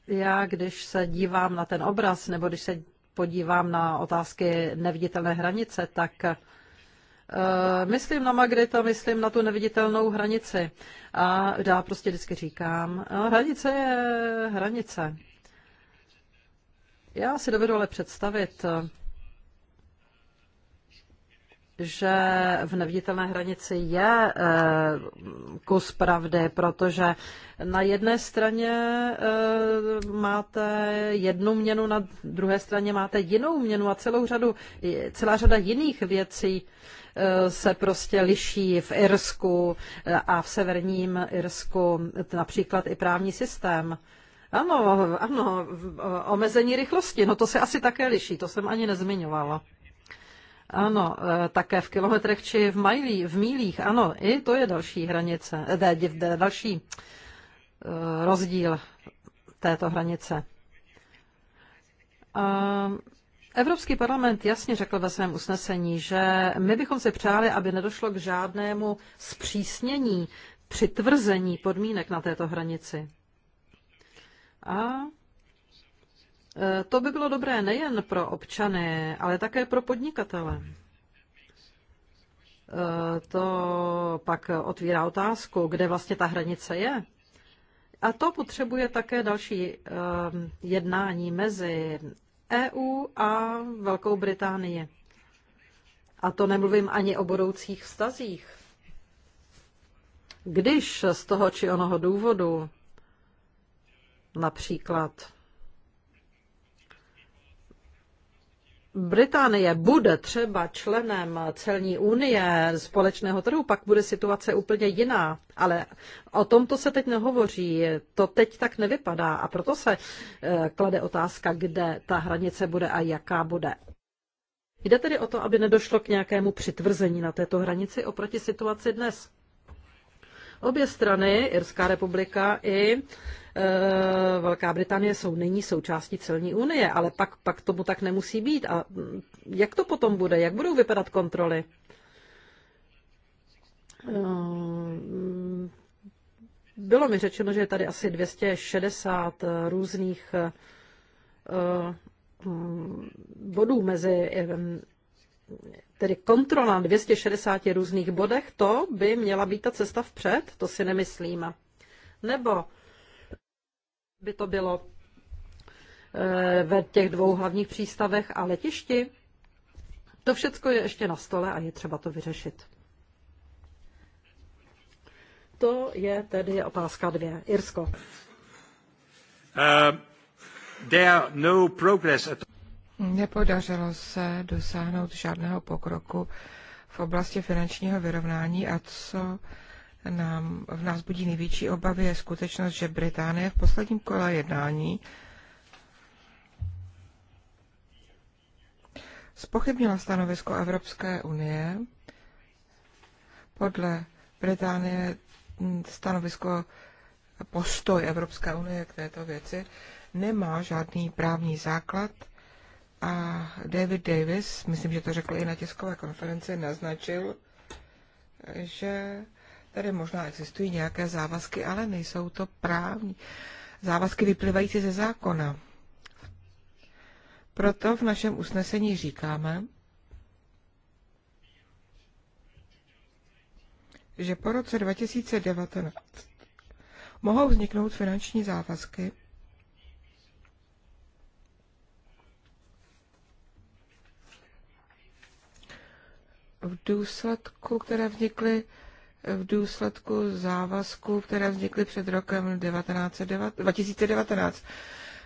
já, když se dívám na ten obraz, nebo když se podívám na otázky neviditelné hranice, tak Eh, myslím na Magrita, myslím na tu neviditelnou hranici. A já prostě vždycky říkám, no, hranice je hranice. Já si dovedu ale představit, že v neviditelné hranici je eh, kus pravdy, protože na jedné straně eh, máte jednu měnu, na druhé straně máte jinou měnu a celou řadu, celá řada jiných věcí eh, se prostě liší v Irsku a v severním Irsku například i právní systém. Ano, ano, omezení rychlosti, no to se asi také liší, to jsem ani nezmiňovala. Ano, e, také v kilometrech či v, majlí, v mílích, ano, i to je další hranice, e, další e, rozdíl této hranice. A Evropský parlament jasně řekl ve svém usnesení, že my bychom si přáli, aby nedošlo k žádnému zpřísnění, přitvrzení podmínek na této hranici. A Eh, to by bylo dobré nejen pro občany, ale také pro podnikatele. Eh, to pak otvírá otázku, kde vlastně ta hranice je. A to potřebuje také další eh, jednání mezi EU a Velkou Británii. A to nemluvím ani o budoucích vztazích. Když z toho či onoho důvodu, například Británie bude třeba členem celní unie společného trhu, pak bude situace úplně jiná. Ale o tomto se teď nehovoří, to teď tak nevypadá a proto se eh, klade otázka, kde ta hranice bude a jaká bude. Jde tedy o to, aby nedošlo k nějakému přitvrzení na této hranici oproti situaci dnes. Obě strany, Irská republika i Eh, Velká Británie jsou, není součástí celní unie, ale pak, pak tomu tak nemusí být. A mm, jak to potom bude? Jak budou vypadat kontroly? Eh, bylo mi řečeno, že je tady asi 260 eh, různých bodů mezi tedy kontrola na 260 různých bodech, to by měla být ta cesta vpřed, to si nemyslím. Nebo by to bylo eh, ve těch dvou hlavních přístavech a letišti. To všechno je ještě na stole a je třeba to vyřešit. To je tedy otázka dvě. Irsko. Uh, there no progress at... Nepodařilo se dosáhnout žádného pokroku v oblasti finančního vyrovnání a co nám, v nás budí největší obavy, je skutečnost, že Británie v posledním kole jednání spochybnila stanovisko Evropské unie. Podle Británie stanovisko postoj Evropské unie k této věci nemá žádný právní základ a David Davis, myslím, že to řekl i na tiskové konferenci, naznačil, že Tady možná existují nějaké závazky, ale nejsou to právní závazky vyplývající ze zákona. Proto v našem usnesení říkáme, že po roce 2019 mohou vzniknout finanční závazky, v důsledku, které vznikly v důsledku závazků, které vznikly před rokem 2019.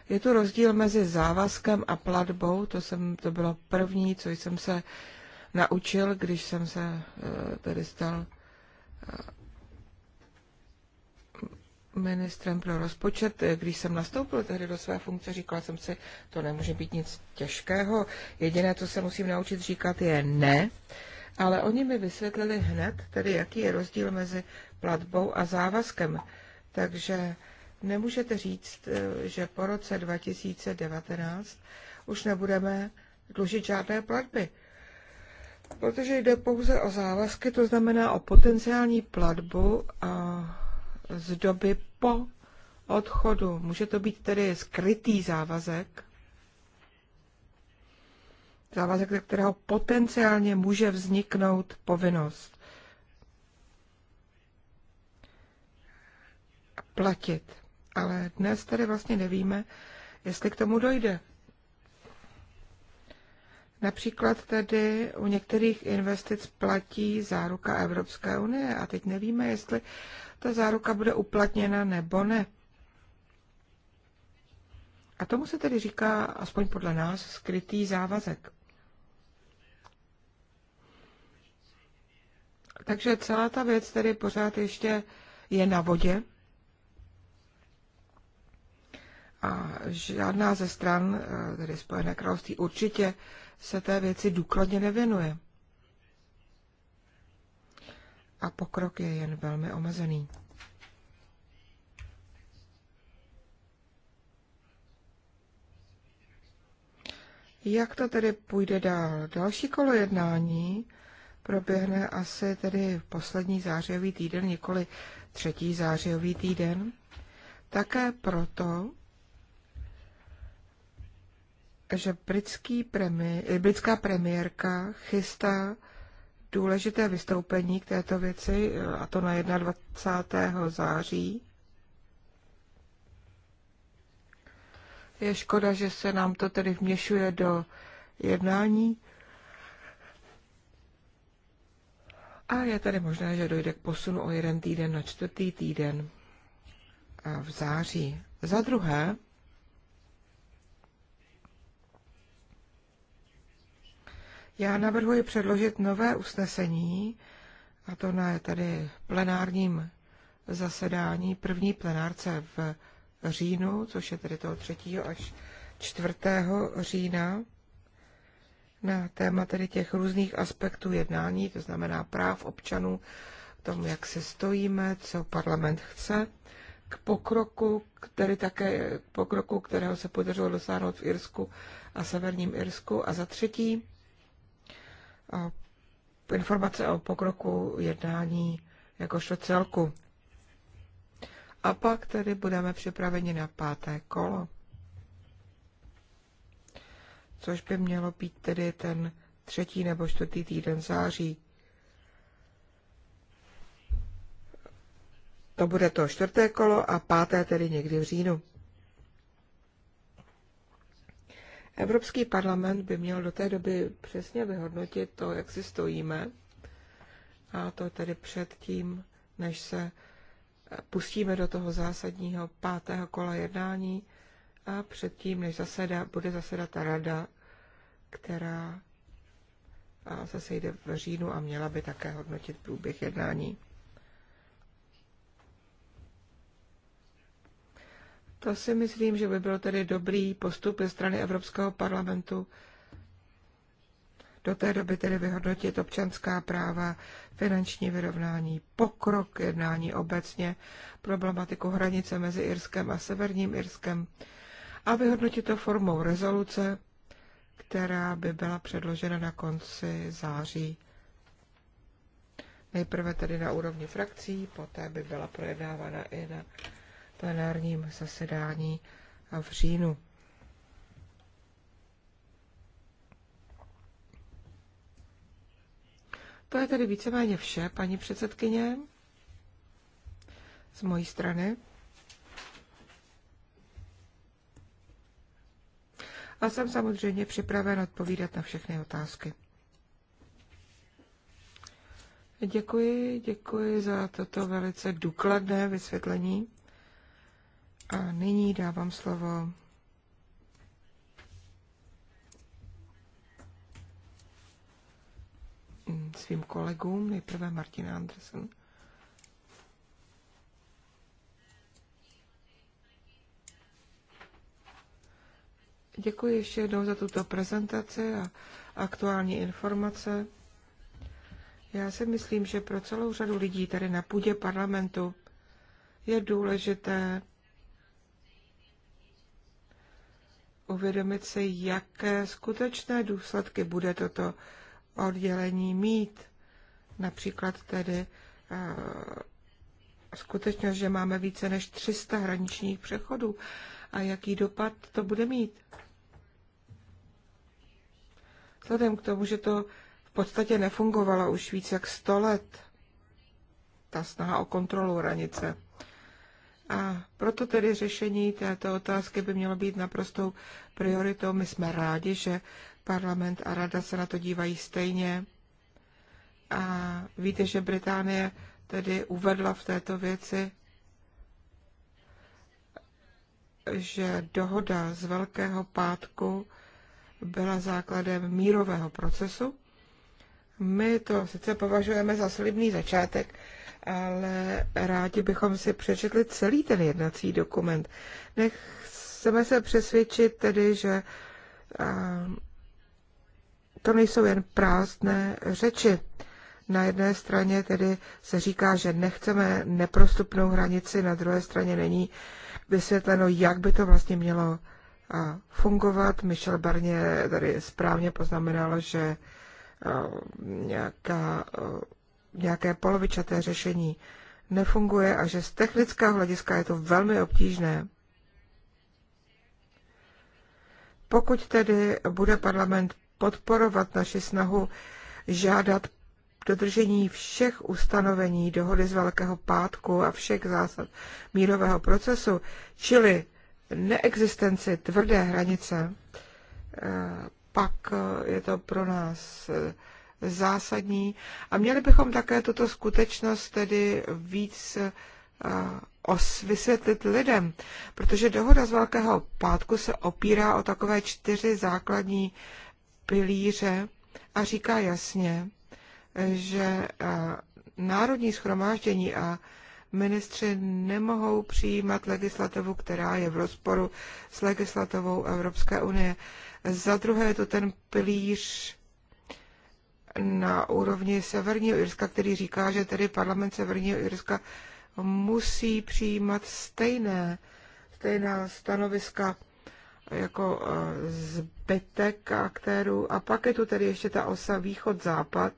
Je tu rozdíl mezi závazkem a platbou, to, jsem, to bylo první, co jsem se naučil, když jsem se eh, tedy stal eh, ministrem pro rozpočet. Když jsem nastoupil tehdy do své funkce, říkala jsem si, to nemůže být nic těžkého. Jediné, co se musím naučit říkat, je ne. Uh, ale oni mi vysvětlili hned, tedy jaký je rozdíl mezi platbou a závazkem. Takže nemůžete říct, eh, že po roce 2019 už nebudeme dlužit žádné platby. Protože jde pouze o závazky, to znamená o potenciální platbu z doby po odchodu. Může to být tedy skrytý závazek, závazek, ze kterého potenciálně může vzniknout povinnost platit. Ale dnes tedy vlastně nevíme, jestli k tomu dojde. Například tedy u některých investic platí záruka Evropské unie a teď nevíme, jestli ta záruka bude uplatněna nebo ne. A tomu se tedy říká, aspoň podle nás, skrytý závazek. Takže celá ta věc tedy pořád ještě je na vodě. A žádná ze stran, eh, tedy Spojené království, určitě se té věci důkladně nevěnuje. A pokrok je jen velmi omezený. Jak to tedy půjde dál? Další kolo jednání proběhne asi tedy poslední zářijový týden, nikoli třetí zářijový týden. Také proto, že britský premi, eh, britská premiérka chystá důležité vystoupení k této věci, eh, a to na 21. září. Je škoda, že se nám to tedy vměšuje do jednání A je tady možné, že dojde k posunu o jeden týden na čtvrtý týden v září. Za druhé, já navrhuji předložit nové usnesení, a to na tady plenárním zasedání, první plenárce v říjnu, což je tedy toho 3. až 4. října na téma tedy těch různých aspektů jednání, to znamená práv občanů, k tomu, jak se stojíme, co parlament chce, k pokroku, který také pokroku, kterého se podařilo dosáhnout v Irsku a severním Irsku. A za třetí, informace o pokroku jednání jakožto celku. A pak tedy budeme připraveni na páté kolo což by mělo být tedy ten třetí nebo čtvrtý týden září. To bude to čtvrté kolo a páté tedy někdy v říjnu. Evropský parlament by měl do té doby přesně vyhodnotit to, jak si stojíme, a to tedy předtím, než se pustíme do toho zásadního pátého kola jednání, a předtím, než zaseda, bude zasedat ta rada, která se sejde v říjnu a měla by také hodnotit průběh jednání. To si myslím, že by byl tedy dobrý postup ze strany Evropského parlamentu. Do té doby tedy vyhodnotit občanská práva, finanční vyrovnání, pokrok jednání obecně, problematiku hranice mezi Irskem a Severním Irskem, a vyhodnotit to formou rezoluce, která by byla předložena na konci září. Nejprve tedy na úrovni frakcí, poté by byla projednávána i na plenárním zasedání v říjnu. To je tedy víceméně vše, paní předsedkyně, z mojí strany. a jsem samozřejmě připraven odpovídat na všechny otázky. Děkuji, děkuji za toto velice důkladné vysvětlení. A nyní dávám slovo svým kolegům, nejprve Martina Andersen. Děkuji ještě jednou za tuto prezentaci a aktuální informace. Já si myslím, že pro celou řadu lidí tady na půdě parlamentu je důležité uvědomit si, jaké skutečné důsledky bude toto oddělení mít. Například tedy eh, skutečnost, že máme více než 300 hraničních přechodů a jaký dopad to bude mít. Vzhledem k tomu, že to v podstatě nefungovalo už víc jak 100 let, ta snaha o kontrolu hranice. A proto tedy řešení této otázky by mělo být naprostou prioritou. My jsme rádi, že parlament a rada se na to dívají stejně. A víte, že Británie tedy uvedla v této věci, že dohoda z Velkého pátku byla základem mírového procesu. My to sice považujeme za slibný začátek, ale rádi bychom si přečetli celý ten jednací dokument. Nech se přesvědčit tedy, že to nejsou jen prázdné řeči. Na jedné straně tedy se říká, že nechceme neprostupnou hranici, na druhé straně není vysvětleno, jak by to vlastně mělo fungovat. Michel Barně tady správně poznamenal, že eh, nějaká, eh, nějaké polovičaté řešení nefunguje a že z technického hlediska je to velmi obtížné. Pokud tedy bude parlament podporovat naši snahu žádat dodržení všech ustanovení dohody z Velkého pátku a všech zásad mírového procesu, čili neexistenci tvrdé hranice, eh, pak eh, je to pro nás eh, zásadní a měli bychom také tuto skutečnost tedy víc os vysvětlit lidem, protože dohoda z Velkého pátku se opírá o takové čtyři základní pilíře a říká jasně, že národní schromáždění a ministři nemohou přijímat legislativu, která je v rozporu s legislativou Evropské unie. Za druhé je to ten pilíř na úrovni Severního Irska, který říká, že tedy parlament Severního Irska musí přijímat stejné, stejná stanoviska jako eh, zbytek aktérů. A pak je tu tedy ještě ta osa východ-západ,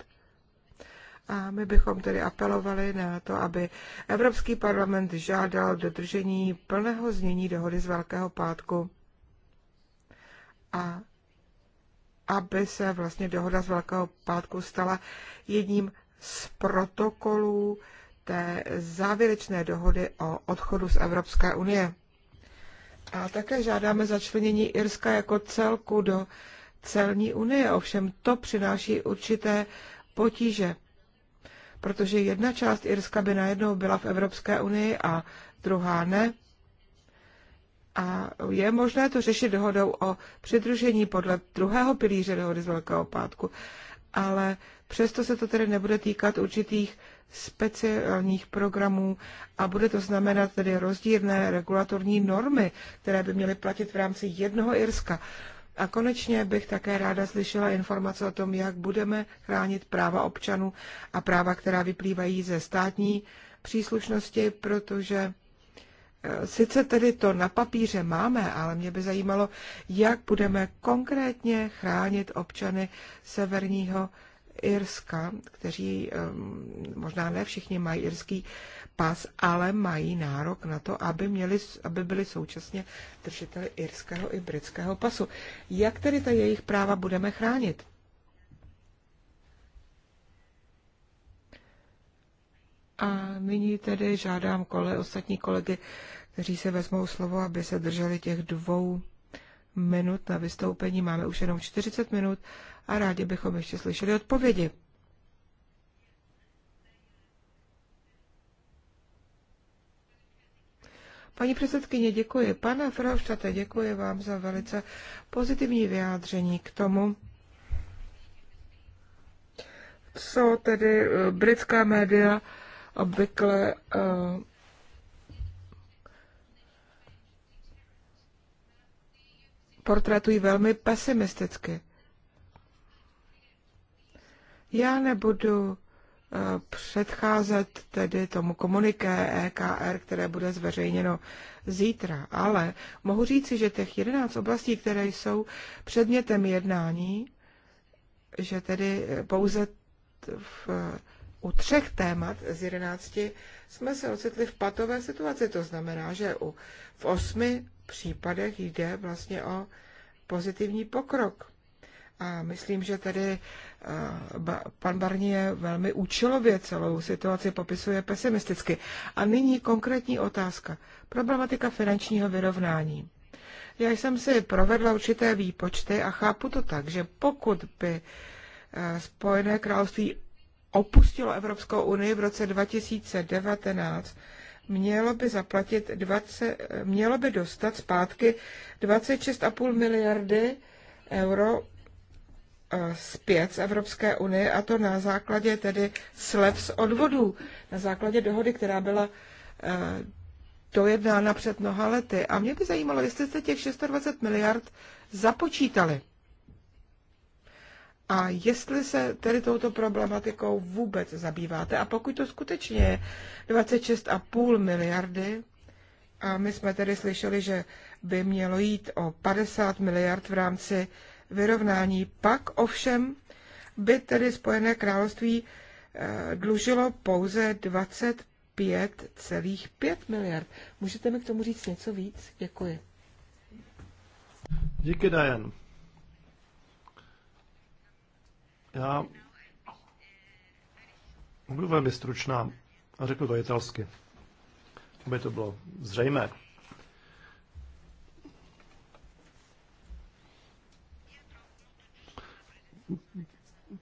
a my bychom tedy apelovali na to, aby Evropský parlament žádal dodržení plného znění dohody z Velkého pátku a aby se vlastně dohoda z Velkého pátku stala jedním z protokolů té závěrečné dohody o odchodu z Evropské unie. A také žádáme začlenění Irska jako celku do celní unie, ovšem to přináší určité potíže protože jedna část Irska by najednou byla v Evropské unii a druhá ne. A je možné to řešit dohodou o přidružení podle druhého pilíře dohody z Velkého pátku, ale přesto se to tedy nebude týkat určitých speciálních programů a bude to znamenat tedy rozdílné regulatorní normy, které by měly platit v rámci jednoho Irska. A konečně bych také ráda slyšela informace o tom, jak budeme chránit práva občanů a práva, která vyplývají ze státní příslušnosti, protože e, sice tedy to na papíře máme, ale mě by zajímalo, jak budeme konkrétně chránit občany severního Irska, kteří e, možná ne všichni mají irský pas, ale mají nárok na to, aby, měli, aby byli současně držiteli irského i britského pasu. Jak tedy ta jejich práva budeme chránit? A nyní tedy žádám kole, ostatní kolegy, kteří se vezmou slovo, aby se drželi těch dvou minut na vystoupení. Máme už jenom 40 minut a rádi bychom ještě slyšeli odpovědi. Paní předsedkyně, děkuji. Pane Frauštate, děkuji vám za velice pozitivní vyjádření k tomu, co tedy eh, britská média obvykle eh, portrétují velmi pesimisticky. Já nebudu předcházet tedy tomu komuniké EKR, které bude zveřejněno zítra. Ale mohu říci, že těch 11 oblastí, které jsou předmětem jednání, že tedy pouze v, u třech témat z 11 jsme se ocitli v patové situaci. To znamená, že u, v osmi případech jde vlastně o pozitivní pokrok. A myslím, že tedy eh, pan Barnier velmi účelově celou situaci popisuje pesimisticky. A nyní konkrétní otázka. Problematika finančního vyrovnání. Já jsem si provedla určité výpočty a chápu to tak, že pokud by eh, Spojené království opustilo Evropskou unii v roce 2019, mělo by zaplatit 20, mělo by dostat zpátky 26,5 miliardy euro zpět z Evropské unie a to na základě tedy slev z odvodů, na základě dohody, která byla eh, dojednána před mnoha lety. A mě by zajímalo, jestli jste těch 620 miliard započítali. A jestli se tedy touto problematikou vůbec zabýváte. A pokud to skutečně je 26,5 miliardy, a my jsme tedy slyšeli, že by mělo jít o 50 miliard v rámci uh, vyrovnání. Pak ovšem by tedy Spojené království eh, dlužilo pouze 25,5 miliard. Můžete mi k tomu říct něco víc? Děkuji. Díky, Diane. Já budu velmi stručná a řeknu to italsky, aby to bylo zřejmé.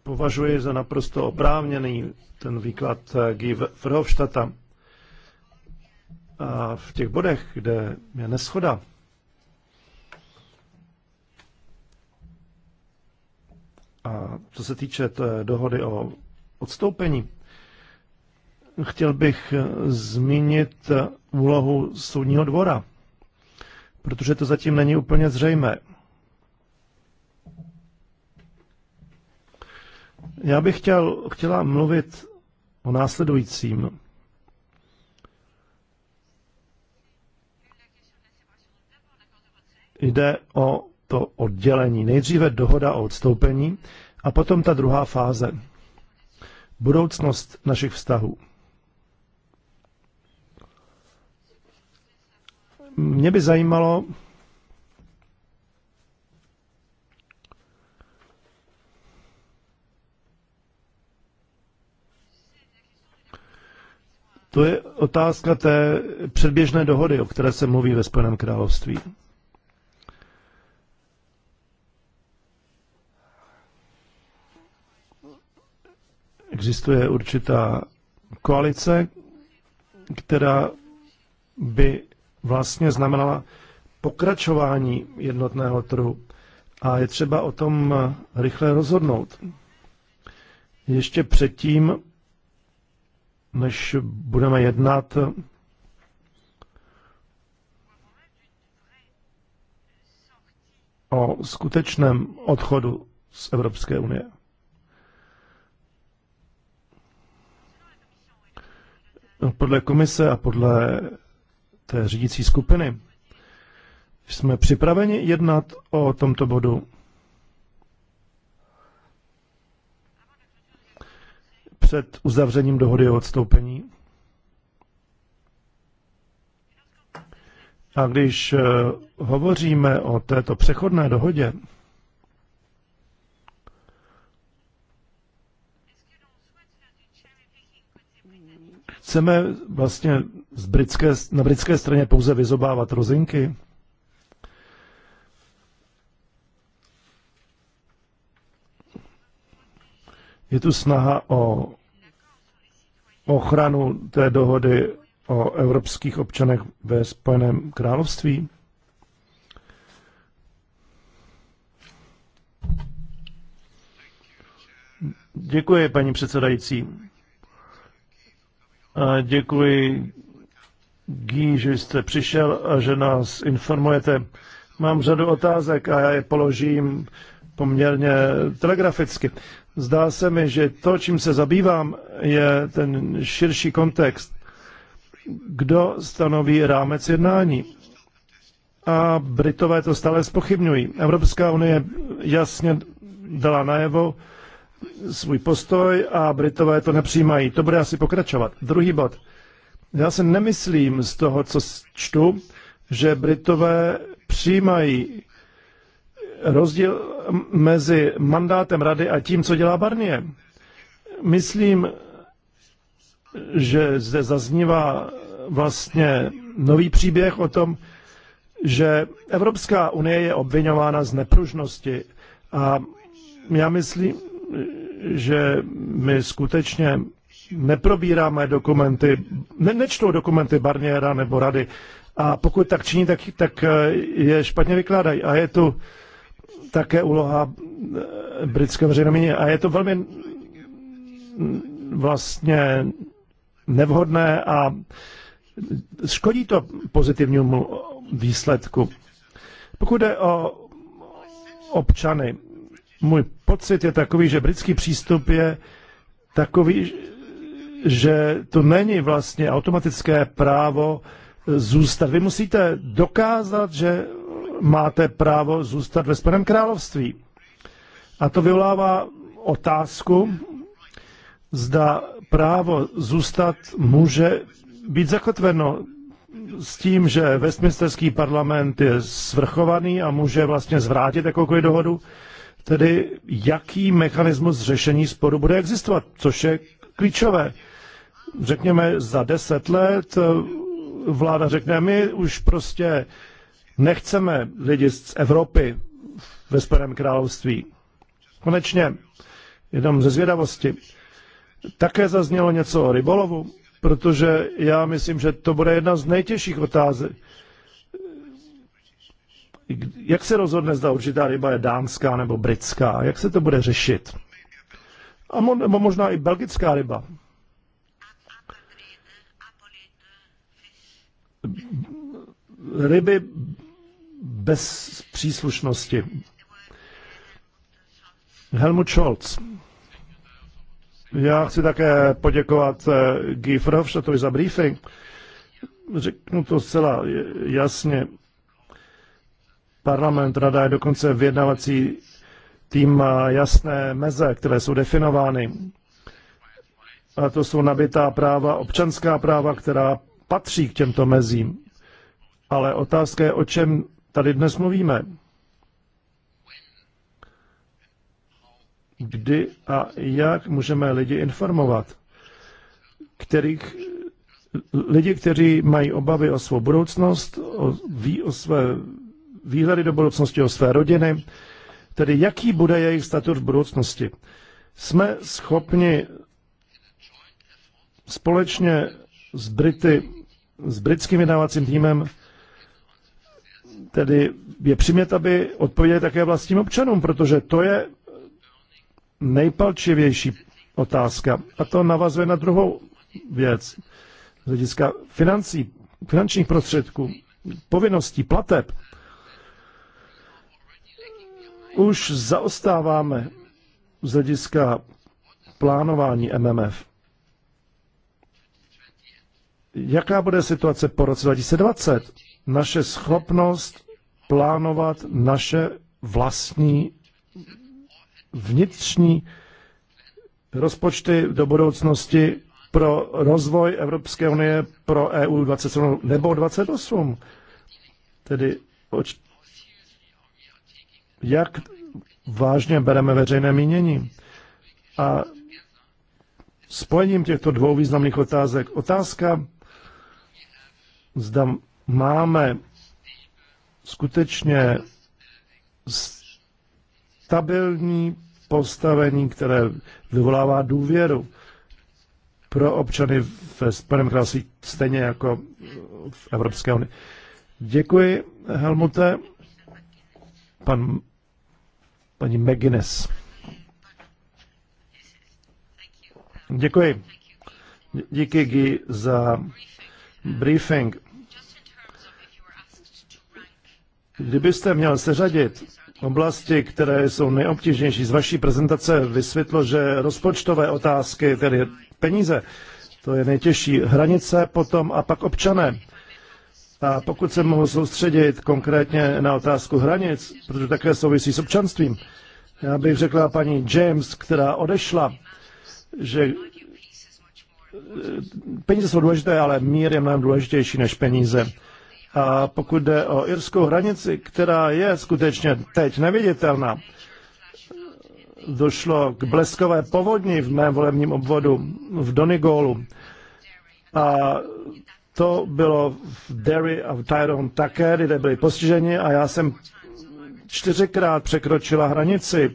považuji za naprosto oprávněný ten výklad G. Verhofstadta. A v těch bodech, kde je neschoda, a co se týče té dohody o odstoupení, chtěl bych zmínit úlohu soudního dvora, protože to zatím není úplně zřejmé. Já bych chtěl, chtěla mluvit o následujícím. Jde o to oddělení. Nejdříve dohoda o odstoupení a potom ta druhá fáze. Budoucnost našich vztahů. Mě by zajímalo, To je otázka té předběžné dohody, o které se mluví ve Spojeném království. Existuje určitá koalice, která by vlastně znamenala pokračování jednotného trhu. A je třeba o tom rychle rozhodnout. Ještě předtím, než budeme jednat, o skutečném odchodu z Evropské unie. Podle komise a podle té řídící skupiny jsme připraveni jednat o tomto bodu před uzavřením dohody o odstoupení. A když eh, hovoříme o této přechodné dohodě, chceme vlastně z britské, na britské straně pouze vyzobávat rozinky. Je tu snaha o ochranu té dohody o evropských občanech ve Spojeném království? Děkuji, paní předsedající. A děkuji, Gý, že jste přišel a že nás informujete. Mám řadu otázek a já je položím poměrně telegraficky. Zdá se mi, že to, čím se zabývám, je ten širší kontext. Kdo stanoví rámec jednání? A Britové to stále spochybňují. Evropská unie jasně dala najevo svůj postoj a Britové to nepřijímají. To bude asi pokračovat. Druhý bod. Já se nemyslím z toho, co čtu, že Britové přijímají rozdíl mezi mandátem rady a tím, co dělá Barnier. Myslím, že zde zaznívá vlastně nový příběh o tom, že Evropská unie je obvinována z nepružnosti a já myslím, že my skutečně neprobíráme dokumenty, ne, nečtou dokumenty Barniera nebo rady a pokud tak činí, tak, tak eh, je špatně vykládají. A je tu také úloha eh, britské veřejné A je to velmi vlastně nevhodné a škodí to pozitivnímu výsledku. Pokud jde o občany, můj pocit je takový, že britský přístup je takový, že to není vlastně automatické právo zůstat. Vy musíte dokázat, že máte právo zůstat ve Spojeném království. A to vyvolává otázku, zda právo zůstat může být zakotveno s tím, že Westminsterský parlament je svrchovaný a může vlastně zvrátit jakoukoliv dohodu, tedy jaký mechanismus řešení sporu bude existovat, což je klíčové. Řekněme, za deset let vláda řekne, my už prostě Nechceme lidi z Evropy ve Spojeném království. Konečně, jenom ze zvědavosti, také zaznělo něco o rybolovu, protože já myslím, že to bude jedna z nejtěžších otázek. Jak se rozhodne, zda určitá ryba je dánská nebo britská? Jak se to bude řešit? A mo- nebo možná i belgická ryba. Ryby bez příslušnosti. Helmut Scholz. Já chci také poděkovat eh, Guy Verhofstadtovi za briefing. Řeknu to zcela jasně. Parlament, rada je dokonce vyjednavací tým má jasné meze, které jsou definovány. A to jsou nabitá práva, občanská práva, která patří k těmto mezím. Ale otázka je, o čem tady dnes mluvíme. Kdy a jak můžeme lidi informovat, kterých lidi, kteří mají obavy o svou budoucnost, o, ví o své výhledy do budoucnosti, o své rodiny, tedy jaký bude jejich statut v budoucnosti. Jsme schopni společně s Brity, s britským vydávacím týmem tedy je přimět, aby odpověděli také vlastním občanům, protože to je nejpalčivější otázka. A to navazuje na druhou věc. Z hlediska financí, finančních prostředků, povinností, plateb. Už zaostáváme z hlediska plánování MMF. Jaká bude situace po roce 2020? naše schopnost plánovat naše vlastní vnitřní rozpočty do budoucnosti pro rozvoj Evropské unie pro EU 27 nebo 28. Tedy jak vážně bereme veřejné mínění. A spojením těchto dvou významných otázek otázka, zda máme skutečně stabilní postavení, které vyvolává důvěru pro občany ve Spojeném království, stejně jako v Evropské unii. Děkuji, Helmute. Pan, paní McGuinness. Děkuji. Díky, Guy, za briefing. Kdybyste měl seřadit oblasti, které jsou nejobtížnější z vaší prezentace, vysvětlo, že rozpočtové otázky, tedy peníze, to je nejtěžší, hranice potom a pak občané. A pokud se mohu soustředit konkrétně na otázku hranic, protože také souvisí s občanstvím, já bych řekla paní James, která odešla, že eh, peníze jsou důležité, ale mír je mnohem důležitější než peníze. A pokud jde o irskou hranici, která je skutečně teď neviditelná, došlo k bleskové povodni v mém volebním obvodu v Donigolu. A to bylo v Derry a v Tyrone také, kde byli postiženi a já jsem čtyřikrát překročila hranici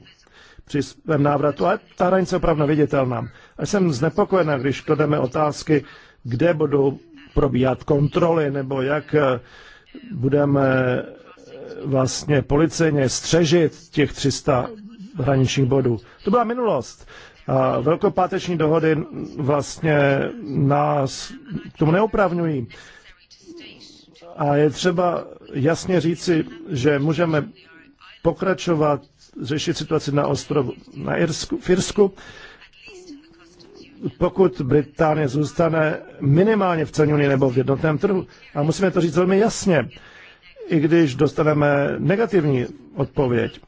při svém návratu, ale ta hranice je opravdu viditelná. A jsem znepokojená, když klademe otázky, kde budou probíhat kontroly, nebo jak eh, budeme eh, vlastně policejně střežit těch 300 hraničních bodů. To byla minulost. A velkopáteční dohody vlastně nás k tomu neopravňují. A je třeba jasně říci, že můžeme pokračovat, řešit situaci na ostrovu na Irsku, v Irsku pokud Británie zůstane minimálně v celní unii nebo v jednotném trhu. A musíme to říct velmi jasně, i když dostaneme negativní odpověď.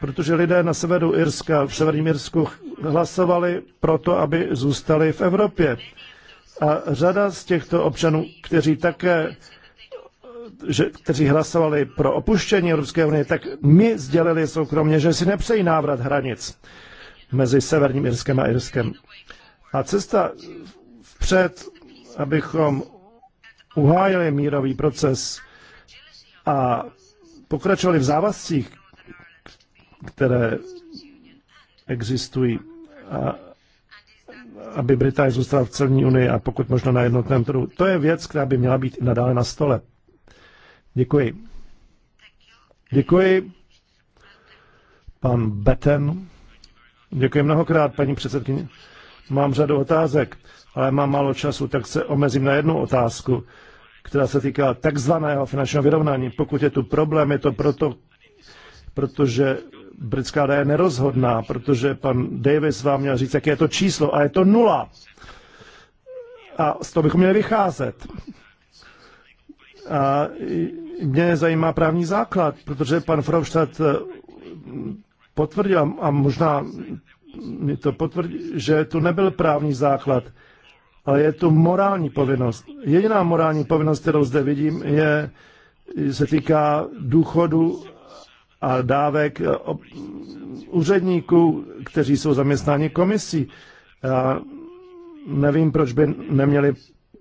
Protože lidé na severu Irska, v severním Irsku hlasovali proto, aby zůstali v Evropě. A řada z těchto občanů, kteří také že, kteří hlasovali pro opuštění Evropské unie, tak mi sdělili soukromně, že si nepřejí návrat hranic mezi Severním Irskem a Irskem. A cesta vpřed, abychom uhájili mírový proces a pokračovali v závazcích, které existují, a aby Británie zůstala v celní unii a pokud možno na jednotném trhu. To je věc, která by měla být i nadále na stole. Děkuji. Děkuji. Pan Beten. Děkuji mnohokrát, paní předsedkyně. Mám řadu otázek, ale mám málo času, tak se omezím na jednu otázku, která se týká takzvaného finančního vyrovnání. Pokud je tu problém, je to proto, protože britská rada je nerozhodná, protože pan Davis vám měl říct, jaké je to číslo a je to nula. A z toho bychom měli vycházet. A mě zajímá právní základ, protože pan Frovštad potvrdil a možná mi to potvrdí, že to nebyl právní základ, ale je to morální povinnost. Jediná morální povinnost, kterou zde vidím, je, se týká důchodu a dávek eh, úředníků, kteří jsou zaměstnáni komisí. Já nevím, proč by neměli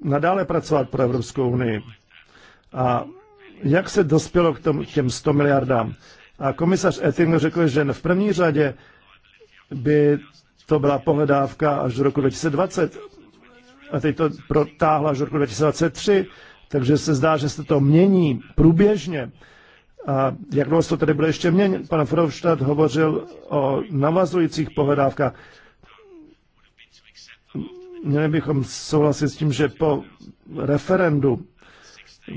nadále pracovat pro Evropskou unii. A jak se dospělo k, tom, k těm 100 miliardám? A komisař Ettinger řekl, že v první řadě by to byla pohledávka až do roku 2020 a teď to protáhla až do roku 2023, takže se zdá, že se to mění průběžně. A jak dlouho to tedy bude ještě měnit? Pan Frovštad hovořil o navazujících pohledávkách. Měli bychom souhlasit s tím, že po referendu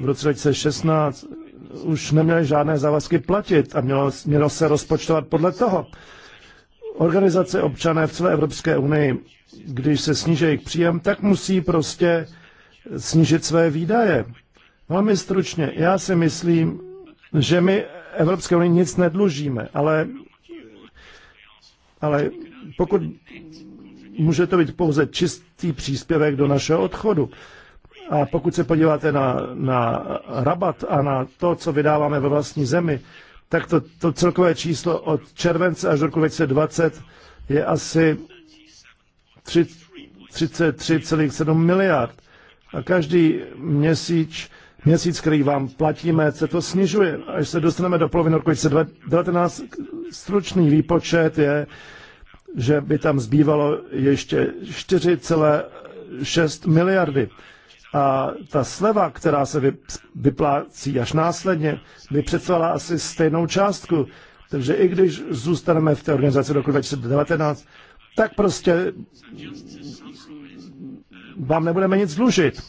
v roce 2016 už neměli žádné závazky platit a mělo, mělo se rozpočtovat podle toho organizace občané v celé Evropské unii, když se sníží jejich příjem, tak musí prostě snížit své výdaje. Velmi stručně, já si myslím, že my Evropské unii nic nedlužíme, ale, ale pokud může to být pouze čistý příspěvek do našeho odchodu. A pokud se podíváte na, na rabat a na to, co vydáváme ve vlastní zemi, tak to, to celkové číslo od července až do roku 2020 je asi 33,7 miliard. A každý měsíc, měsíc, který vám platíme, se to snižuje. Až se dostaneme do poloviny roku 2019, stručný výpočet je, že by tam zbývalo ještě 4,6 miliardy. A ta sleva, která se vyplácí až následně, by představila asi stejnou částku. Takže i když zůstaneme v té organizaci roku 2019, tak prostě vám nebudeme nic dlužit.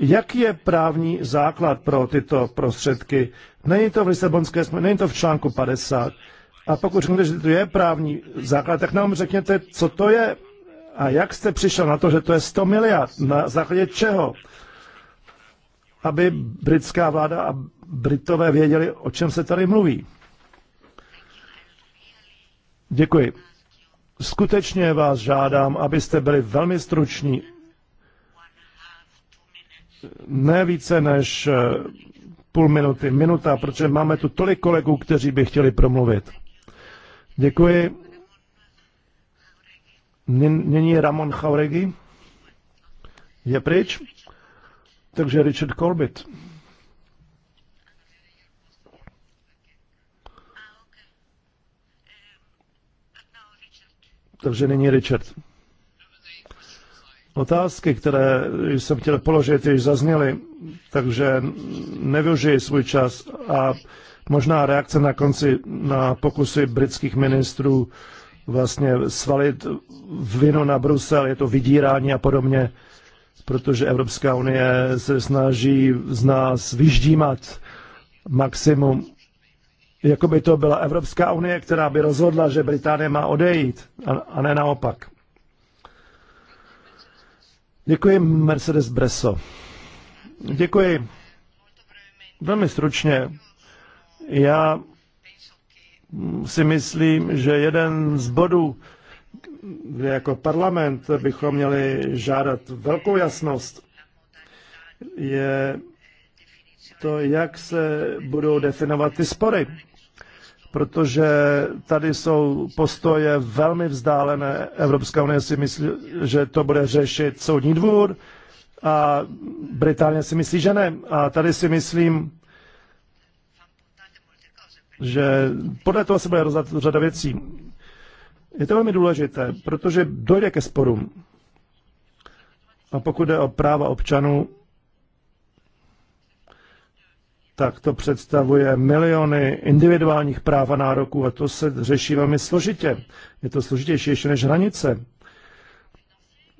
Jak je právní základ pro tyto prostředky? Není to v Lisabonské smlouvě, není to v článku 50. A pokud řeknete, že to je právní základ, tak nám řekněte, co to je a jak jste přišel na to, že to je 100 miliard. Na základě čeho? aby britská vláda a Britové věděli, o čem se tady mluví. Děkuji. Skutečně vás žádám, abyste byli velmi struční. Ne více než eh, půl minuty, minuta, protože máme tu tolik kolegů, kteří by chtěli promluvit. Děkuji. Nyní Ramon Chauregi je pryč. Takže Richard Corbett. Takže nyní Richard. Otázky, které jsem chtěl položit, již zazněly, takže nevyužiji svůj čas a možná reakce na konci na pokusy britských ministrů vlastně svalit vinu na Brusel, je to vydírání a podobně protože Evropská unie se snaží z nás vyždímat maximum. Jako by to byla Evropská unie, která by rozhodla, že Británie má odejít, a ne naopak. Děkuji, Mercedes Breso. Děkuji. Velmi stručně. Já si myslím, že jeden z bodů, kde jako parlament bychom měli žádat velkou jasnost, je to, jak se budou definovat ty spory. Protože tady jsou postoje velmi vzdálené. Evropská unie si myslí, že to bude řešit soudní dvůr a Británie si myslí, že ne. A tady si myslím, že podle toho se bude rozdat řada věcí. Je to velmi důležité, protože dojde ke sporům. A pokud jde o práva občanů, tak to představuje miliony individuálních práv a nároků a to se řeší velmi složitě. Je to složitější ještě než hranice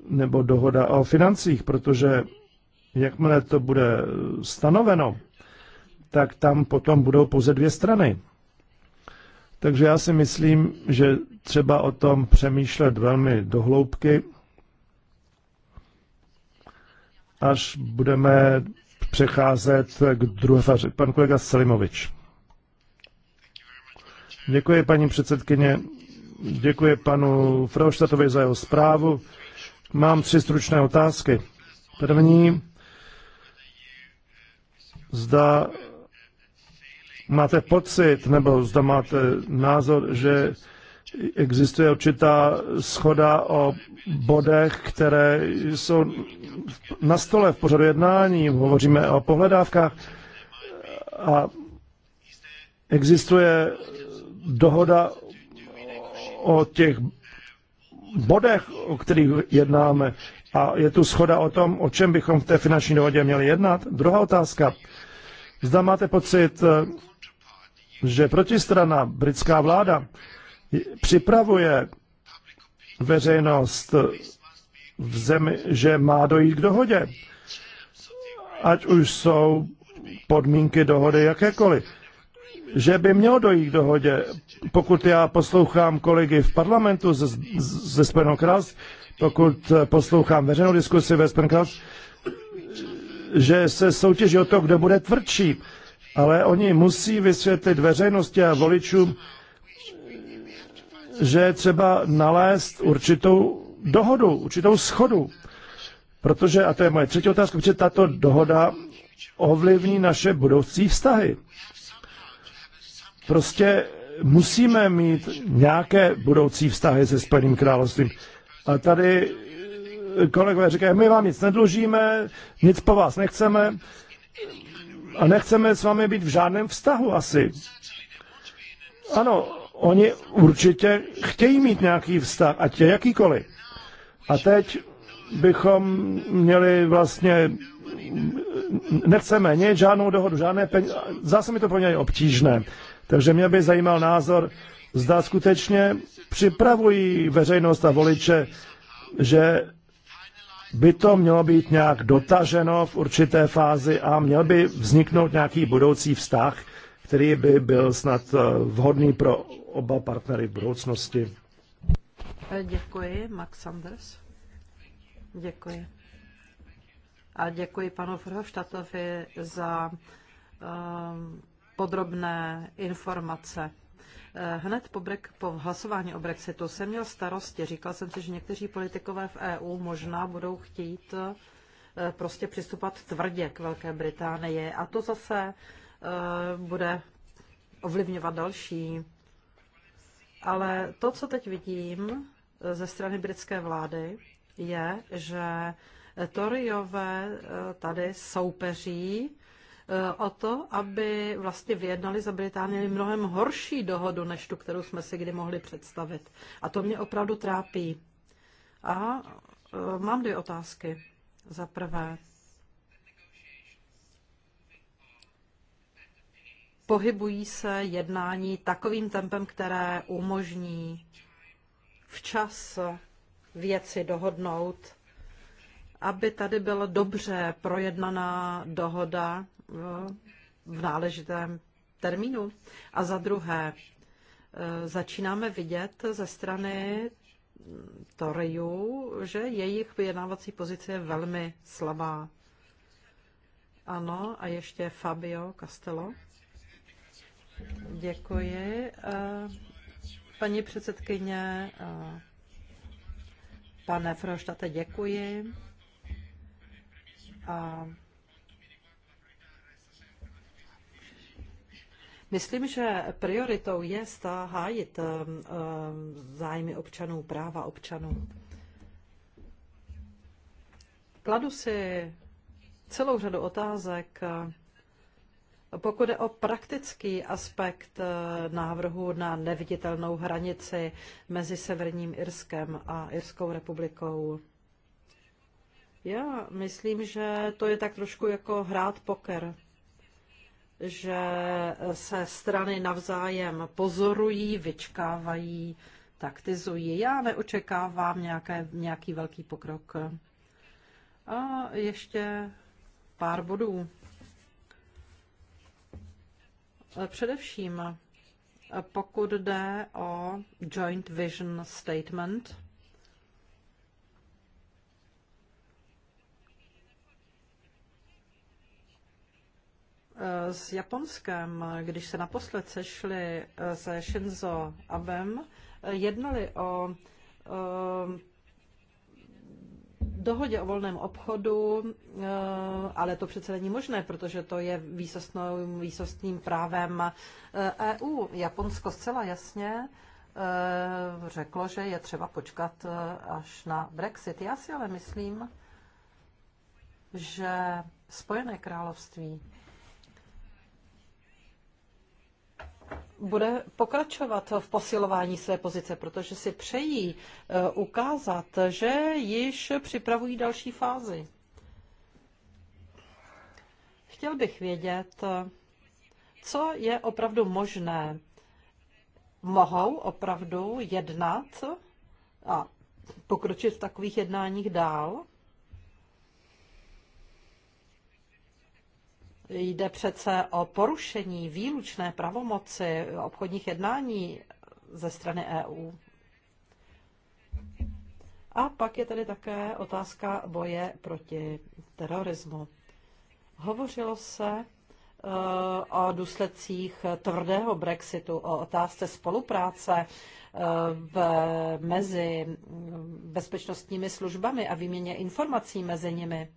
nebo dohoda o financích, protože jakmile to bude stanoveno, tak tam potom budou pouze dvě strany. Takže já si myslím, že třeba o tom přemýšlet velmi dohloubky, až budeme přecházet k druhé faře. Pan kolega Selimovič. Děkuji, paní předsedkyně. Děkuji panu Frauštatovi za jeho zprávu. Mám tři stručné otázky. První, zda máte pocit, nebo zda máte názor, že existuje určitá schoda o bodech, které jsou na stole v pořadu jednání, hovoříme o pohledávkách a existuje dohoda o těch bodech, o kterých jednáme a je tu schoda o tom, o čem bychom v té finanční dohodě měli jednat. Druhá otázka. Zda máte pocit, že protistrana, britská vláda, připravuje veřejnost v zemi, že má dojít k dohodě. Ať už jsou podmínky dohody jakékoliv. Že by mělo dojít k dohodě. Pokud já poslouchám kolegy v parlamentu ze, ze Spojenou království, pokud poslouchám veřejnou diskusi ve Spojenou království, že se soutěží o to, kdo bude tvrdší ale oni musí vysvětlit veřejnosti a voličům, že je třeba nalézt určitou dohodu, určitou schodu. Protože, a to je moje třetí otázka, protože tato dohoda ovlivní naše budoucí vztahy. Prostě musíme mít nějaké budoucí vztahy se Spojeným královstvím. A tady kolegové říkají, my vám nic nedlužíme, nic po vás nechceme, a nechceme s vámi být v žádném vztahu asi. Ano, oni určitě chtějí mít nějaký vztah, ať je jakýkoliv. A teď bychom měli vlastně, nechceme nic, žádnou dohodu, žádné peníze. Zase mi to pro něj obtížné. Takže mě by zajímal názor, zda skutečně připravují veřejnost a voliče, že by to mělo být nějak dotaženo v určité fázi a měl by vzniknout nějaký budoucí vztah, který by byl snad eh, vhodný pro oba partnery v budoucnosti. Eh, děkuji, Max Sanders. Děkuji. A děkuji panu Frhoštatovi za um, podrobné informace. Eh, hned po, brek, po hlasování o Brexitu jsem měl starosti. Říkal jsem si, že někteří politikové v EU možná budou chtít eh, prostě přistupovat tvrdě k Velké Británii a to zase eh, bude ovlivňovat další. Ale to, co teď vidím ze strany britské vlády, je, že Toryové tady soupeří Eh, o to, aby vlastně vyjednali za Británii mnohem horší dohodu, než tu, kterou jsme si kdy mohli představit. A to mě opravdu trápí. A eh, mám dvě otázky. Za prvé, pohybují se jednání takovým tempem, které umožní včas věci dohodnout, aby tady byla dobře projednaná dohoda, v náležitém termínu. A za druhé, eh, začínáme vidět ze strany Toriu, že jejich vyjednávací pozice je velmi slabá. Ano, a ještě Fabio Castello. Děkuji. Eh, paní předsedkyně, eh, pane Froštate, děkuji. A Myslím, že prioritou je hájit eh, eh, zájmy občanů, práva občanů. Kladu si celou řadu otázek, eh, pokud je o praktický aspekt návrhu na neviditelnou hranici mezi Severním Irskem a Irskou republikou. Já myslím, že to je tak trošku jako hrát poker že se strany navzájem pozorují, vyčkávají, taktizují. Já neočekávám nějaké, nějaký velký pokrok. A ještě pár bodů. Především, pokud jde o Joint Vision Statement, s Japonskem, když se naposled sešli eh, se Shinzo Abem, eh, jednali o eh, dohodě o volném obchodu, ale to přece není možné, protože to je výsostným právem EU. E Japonsko zcela jasně řeklo, že je třeba počkat až na Brexit. Já si ale myslím, že Spojené království bude pokračovat v posilování své pozice, protože si přejí eh, ukázat, že již připravují další fázi. Chtěl bych vědět, co je opravdu možné. Mohou opravdu jednat a pokročit v takových jednáních dál? Jde přece o porušení výlučné pravomoci obchodních jednání ze strany EU. A pak je tady také otázka boje proti terorismu. Hovořilo se e, o důsledcích tvrdého Brexitu, o otázce spolupráce e, v, mezi bezpečnostními službami a výměně informací mezi nimi.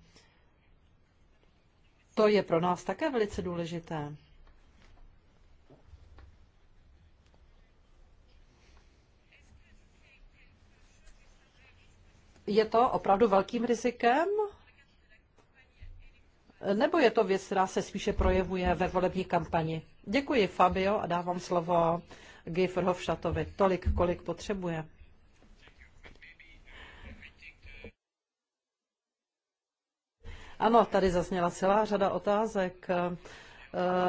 To je pro nás také velice důležité. Je to opravdu velkým rizikem? Nebo je to věc, která se spíše projevuje ve volební kampani? Děkuji Fabio a dávám slovo Guy Verhofstadtovi tolik, kolik potřebuje. Ano, tady zazněla celá řada otázek. Eh,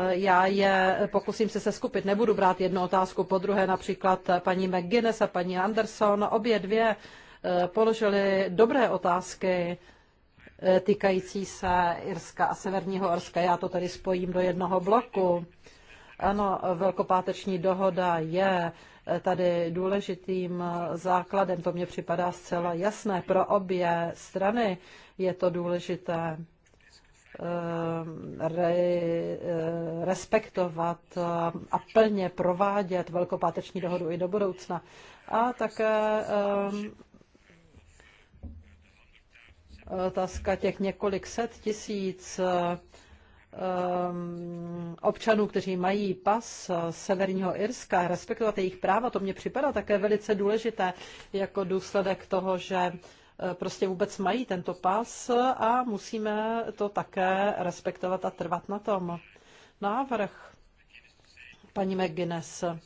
já je pokusím se seskupit, nebudu brát jednu otázku po druhé, například paní McGuinness a paní Anderson, obě dvě eh, položily dobré otázky eh, týkající se Irska a Severního Irska. Já to tady spojím do jednoho bloku. Ano, velkopáteční dohoda je tady důležitým základem. To mně připadá zcela jasné. Pro obě strany je to důležité eh, re, eh, respektovat a plně provádět velkopáteční dohodu i do budoucna. A také eh, otázka těch několik set tisíc Ehm, občanů, kteří mají pas eh, Severního Irska, respektovat jejich práva, to mně připadá také velice důležité jako důsledek toho, že eh, prostě vůbec mají tento pas a musíme to také respektovat a trvat na tom. Návrh paní McGuinness eh,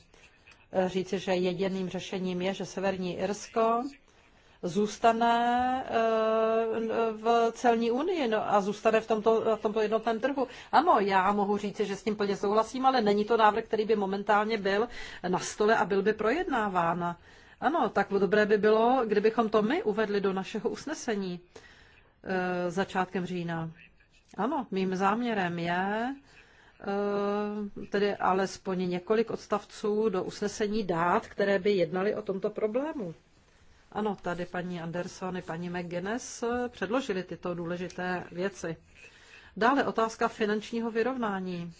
říci, že jediným řešením je, že Severní Irsko zůstane eh, v celní unii no, a zůstane v tomto, v tomto jednotném trhu. Ano, já mohu říct, že s tím plně souhlasím, ale není to návrh, který by momentálně byl na stole a byl by projednáván. Ano, tak dobré by bylo, kdybychom to my uvedli do našeho usnesení eh, začátkem října. Ano, mým záměrem je eh, tedy alespoň několik odstavců do usnesení dát, které by jednaly o tomto problému. Ano, tady paní Anderson i paní McGuinness eh, předložili tyto důležité věci. Dále otázka finančního vyrovnání.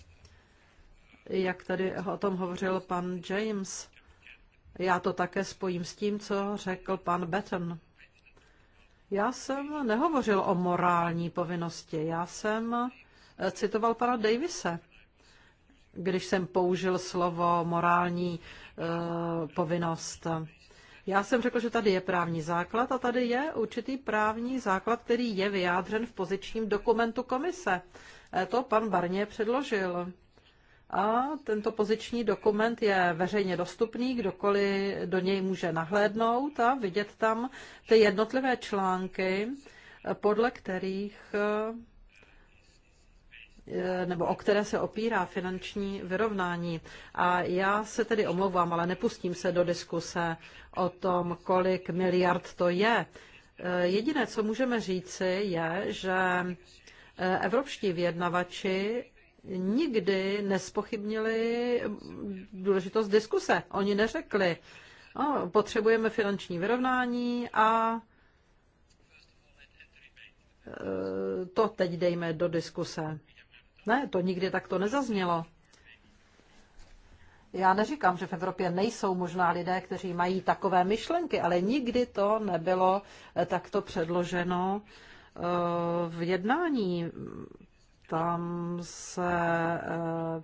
Jak tady o tom hovořil pan James, já to také spojím s tím, co řekl pan Batten. Já jsem nehovořil o morální povinnosti, já jsem eh, citoval pana Davise, když jsem použil slovo morální e, povinnost. Já jsem řekl, že tady je právní základ a tady je určitý právní základ, který je vyjádřen v pozičním dokumentu komise. E, to pan Barně předložil. A tento poziční dokument je veřejně dostupný, kdokoliv do něj může nahlédnout a vidět tam ty jednotlivé články, podle kterých Eh, nebo o které se opírá finanční vyrovnání. A já se tedy omlouvám, ale nepustím se do diskuse o tom, kolik miliard to je. Eh, jediné, co můžeme říci, je, že eh, evropští vyjednavači nikdy nespochybnili mm, důležitost diskuse. Oni neřekli, no, potřebujeme finanční vyrovnání a to teď dejme do diskuse. Ne, to nikdy takto nezaznělo. Já neříkám, že v Evropě nejsou možná lidé, kteří mají takové myšlenky, ale nikdy to nebylo eh, takto předloženo eh, v jednání. Tam se eh,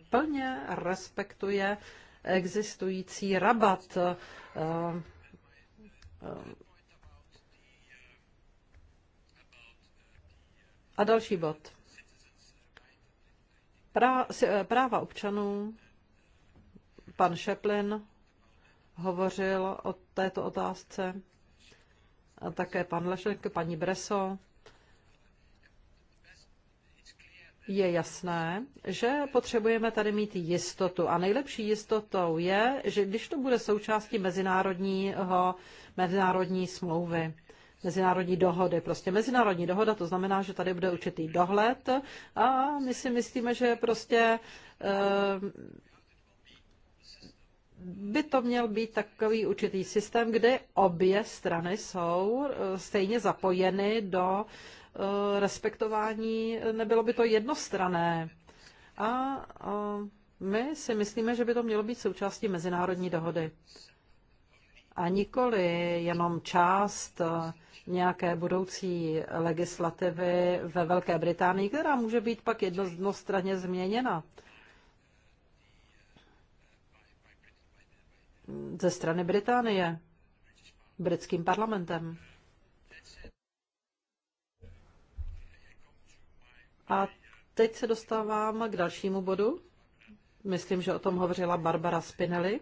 plně respektuje existující rabat. A další bod. Eh, práva občanů, pan Šeplin hovořil o této otázce, a také pan Lešek, paní Breso. Je jasné, že potřebujeme tady mít jistotu. A nejlepší jistotou je, že když to bude součástí mezinárodního, mezinárodní smlouvy mezinárodní dohody. Prostě mezinárodní dohoda, to znamená, že tady bude určitý dohled a my si myslíme, že prostě eh, by to měl být takový určitý systém, kde obě strany jsou eh, stejně zapojeny do eh, respektování, nebylo by to jednostrané. A my si myslíme, že by to mělo být součástí mezinárodní dohody a nikoli jenom část eh, nějaké budoucí legislativy ve Velké Británii, která může být pak jednostranně změněna ze strany Británie, britským parlamentem. A teď se dostávám k dalšímu bodu. Myslím, že o tom hovořila Barbara Spinelli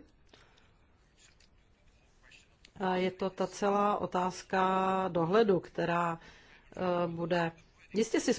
je to ta celá otázka dohledu, která eh, bude. Jistě si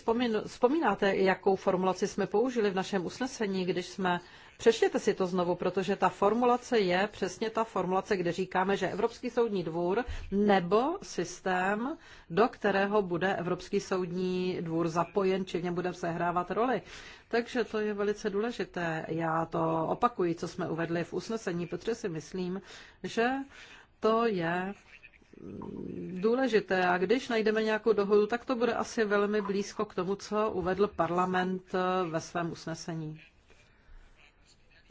vzpomínáte, jakou formulaci jsme použili v našem usnesení, když jsme. Přečtěte si to znovu, protože ta formulace je přesně ta formulace, kde říkáme, že Evropský soudní dvůr nebo systém, do kterého bude Evropský soudní dvůr zapojen, či v něm bude sehrávat roli. Takže to je velice důležité. Já to opakuji, co jsme uvedli v usnesení, protože si myslím, že to je důležité. A když najdeme nějakou dohodu, tak to bude asi velmi blízko k tomu, co uvedl parlament eh, ve svém usnesení.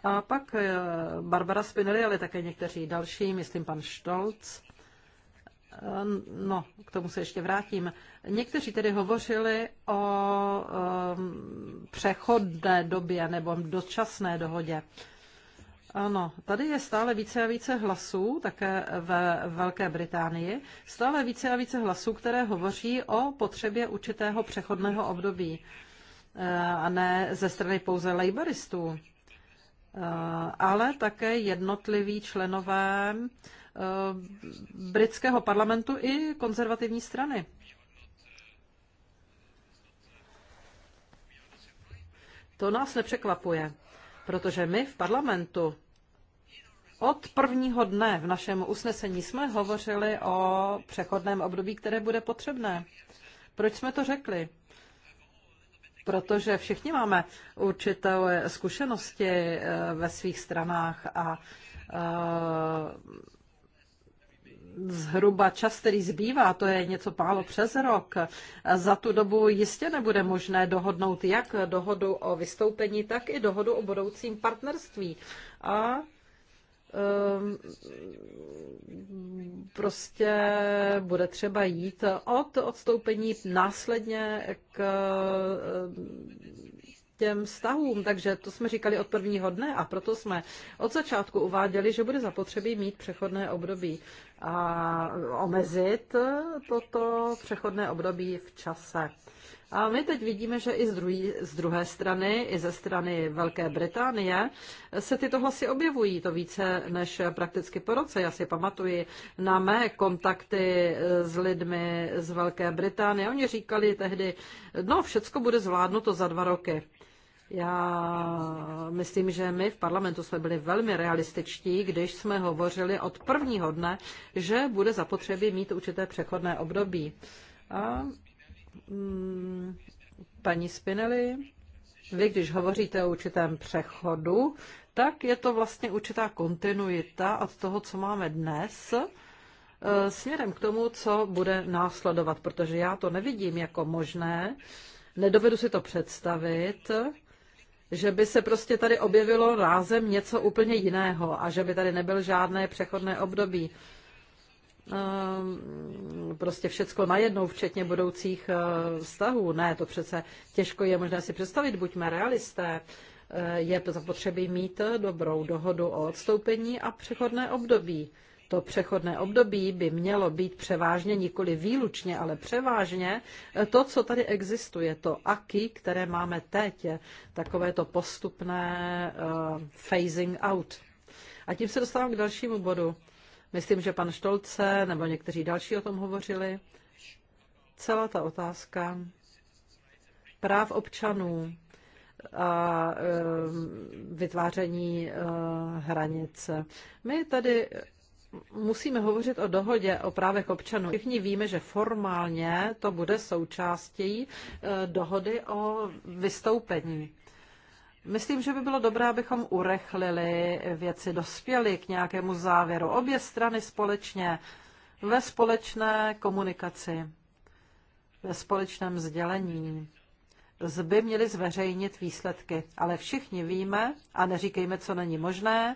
A pak eh, Barbara Spinelli, ale také někteří další, myslím pan Štolc. Eh, no, k tomu se ještě vrátím. Někteří tedy hovořili o um, přechodné době nebo dočasné dohodě. Ano, tady je stále více a více hlasů, také ve Velké Británii, stále více a více hlasů, které hovoří o potřebě určitého přechodného období eh, a ne ze strany pouze laboristů, eh, ale také jednotliví členové eh, britského parlamentu i konzervativní strany. To nás nepřekvapuje, protože my v parlamentu od prvního dne v našem usnesení jsme hovořili o přechodném období, které bude potřebné. Proč jsme to řekli? Protože všichni máme určité zkušenosti eh, ve svých stranách a eh, zhruba čas, který zbývá, to je něco pálo přes rok. Za tu dobu jistě nebude možné dohodnout jak dohodu o vystoupení, tak i dohodu o budoucím partnerství. A Ehm, prostě bude třeba jít od odstoupení následně k ehm, těm vztahům. Takže to jsme říkali od prvního dne a proto jsme od začátku uváděli, že bude zapotřebí mít přechodné období a omezit toto přechodné období v čase. A my teď vidíme, že i z, druhý, z druhé strany, i ze strany Velké Británie se tyto hlasy objevují, to více než prakticky po roce. Já si pamatuji na mé kontakty eh, s lidmi z Velké Británie. Oni říkali tehdy, no všecko bude zvládnuto za dva roky. Já myslím, že my v parlamentu jsme byli velmi realističtí, když jsme hovořili od prvního dne, že bude zapotřebí mít určité přechodné období. A Mm, paní Spinelli, vy když hovoříte o určitém přechodu, tak je to vlastně určitá kontinuita od toho, co máme dnes, eh, směrem k tomu, co bude následovat, protože já to nevidím jako možné, nedovedu si to představit, že by se prostě tady objevilo rázem něco úplně jiného a že by tady nebyl žádné přechodné období. Ehm, prostě všecko najednou, včetně budoucích eh, vztahů. Ne, to přece těžko je možné si představit, buďme realisté. Eh, je zapotřebí mít dobrou dohodu o odstoupení a přechodné období. To přechodné období by mělo být převážně, nikoli výlučně, ale převážně eh, to, co tady existuje, to aky, které máme teď, takové to postupné uh, phasing out. A tím se dostávám k dalšímu bodu. Myslím, že pan Štolce nebo někteří další o tom hovořili. Celá ta otázka práv občanů a eh, vytváření eh, hranic. My tady musíme hovořit o dohodě o právech občanů. Všichni víme, že formálně to bude součástí eh, dohody o vystoupení. Myslím, že by bylo dobré, abychom urechlili věci, dospěli k nějakému závěru. Obě strany společně, ve společné komunikaci, ve společném sdělení by měli zveřejnit výsledky. Ale všichni víme, a neříkejme, co není možné,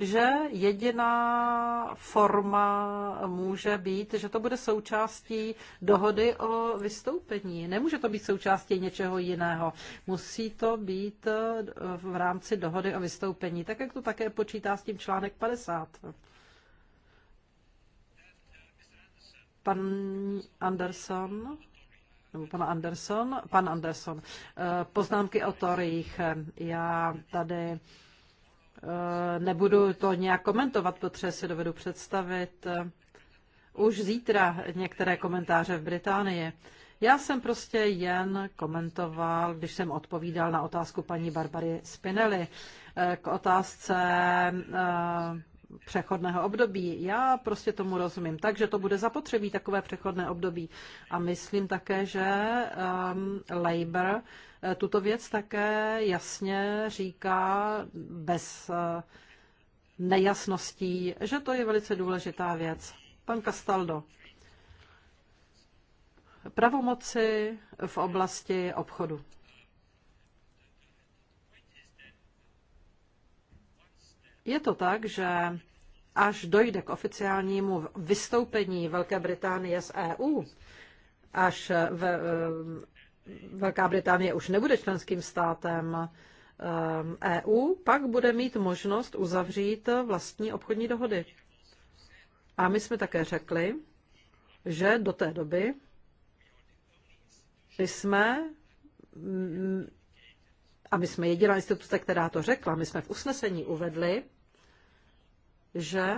že jediná forma může být, že to bude součástí dohody o vystoupení. Nemůže to být součástí něčeho jiného. Musí to být eh, v rámci dohody o vystoupení, tak jak to také počítá s tím článek 50. Pan Anderson nebo pan Anderson, pan Anderson, eh, poznámky o torích. Já tady eh, nebudu to nějak komentovat, protože si dovedu představit eh, už zítra některé komentáře v Británii. Já jsem prostě jen komentoval, když jsem odpovídal na otázku paní Barbary Spinelli k otázce přechodného období. Já prostě tomu rozumím. Takže to bude zapotřebí takové přechodné období. A myslím také, že um, Labour uh, tuto věc také jasně říká bez uh, nejasností, že to je velice důležitá věc. Pan Castaldo. Pravomoci v oblasti obchodu. Je to tak, že až dojde k oficiálnímu vystoupení Velké Británie z EU, až ve, eh, Velká Británie už nebude členským státem EU, eh, e pak bude mít možnost uzavřít vlastní obchodní dohody. A my jsme také řekli, že do té doby jsme, mm, a my jsme jediná instituce, která to řekla, my jsme v usnesení uvedli, že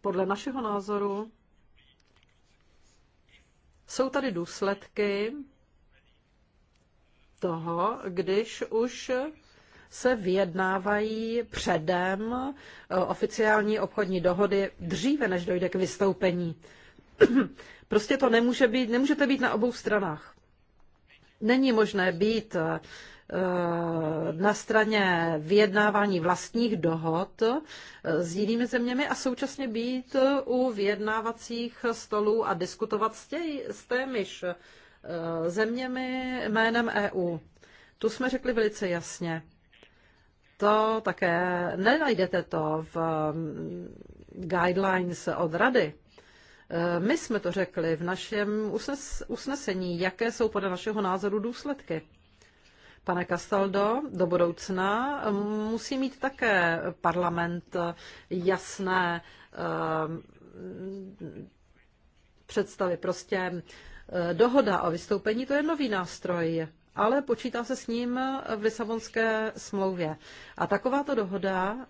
podle našeho názoru jsou tady důsledky toho, když už se vyjednávají předem eh, oficiální obchodní dohody dříve, než dojde k vystoupení. prostě to nemůže být, nemůžete být na obou stranách. Není možné být eh, Eh, na straně vyjednávání vlastních dohod eh, s jinými zeměmi a současně být u vyjednávacích stolů a diskutovat s, tě, s témiž eh, zeměmi jménem EU. Tu jsme řekli velice jasně. To také nenajdete to v mm, guidelines od rady. My jsme to řekli v našem usnesení, jaké jsou podle našeho názoru důsledky. Pane Castaldo, do budoucna musí mít také parlament eh, jasné eh, představy. Prostě eh, dohoda o vystoupení to je nový nástroj, ale počítá se s ním v Lisabonské smlouvě. A takováto dohoda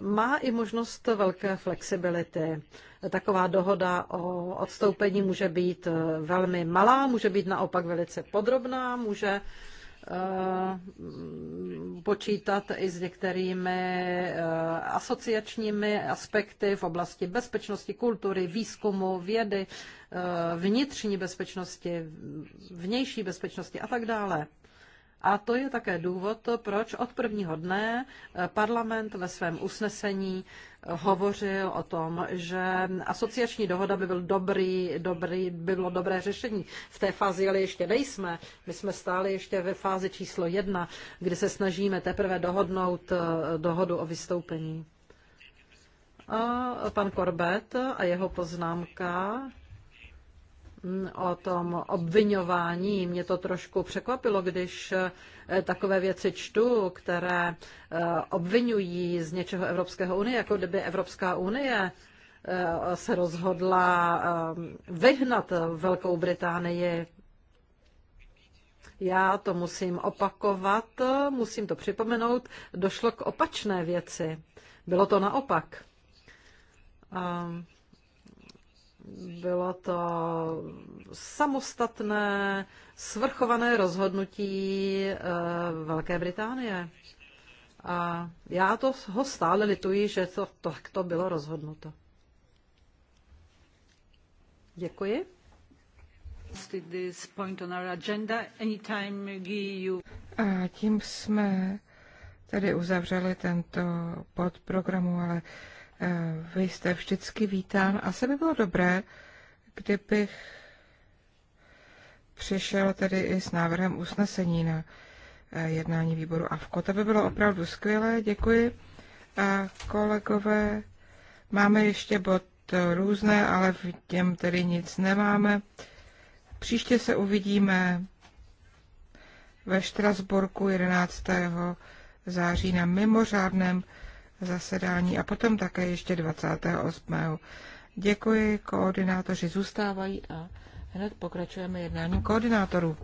má i možnost velké flexibility. Taková dohoda o odstoupení může být velmi malá, může být naopak velice podrobná, může Eh, počítat i s některými eh, asociačními aspekty v oblasti bezpečnosti, kultury, výzkumu, vědy, eh, vnitřní bezpečnosti, vnější bezpečnosti a tak dále. A to je také důvod, proč od prvního dne parlament ve svém usnesení hovořil o tom, že asociační dohoda by byl dobrý, dobrý, by bylo dobré řešení. V té fázi ale ještě nejsme. My jsme stáli ještě ve fázi číslo jedna, kdy se snažíme teprve dohodnout eh, dohodu o vystoupení. A pan Korbet a jeho poznámka o tom obvinování. Mě to trošku překvapilo, když eh, takové věci čtu, které eh, obvinují z něčeho Evropského unie, jako kdyby Evropská unie eh, se rozhodla vyhnat Velkou Británii. Já to musím opakovat, musím to připomenout, došlo k opačné věci. Bylo to naopak. Um bylo to samostatné, svrchované rozhodnutí eh, Velké Británie. A já to ho stále lituji, že to takto bylo rozhodnuto. Děkuji. A tím jsme tedy uzavřeli tento bod programu, ale Eh, vy jste vždycky vítán. Asi by bylo dobré, kdybych přišel tedy i s návrhem usnesení na eh, jednání výboru AVKO. To by bylo opravdu skvělé, děkuji. A kolegové, máme ještě bod různé, ale v těm tedy nic nemáme. Příště se uvidíme ve Štrasburku 11. září na mimořádném zasedání a potom také ještě 28. Děkuji, koordinátoři zůstávají a hned pokračujeme jednáním koordinátorů.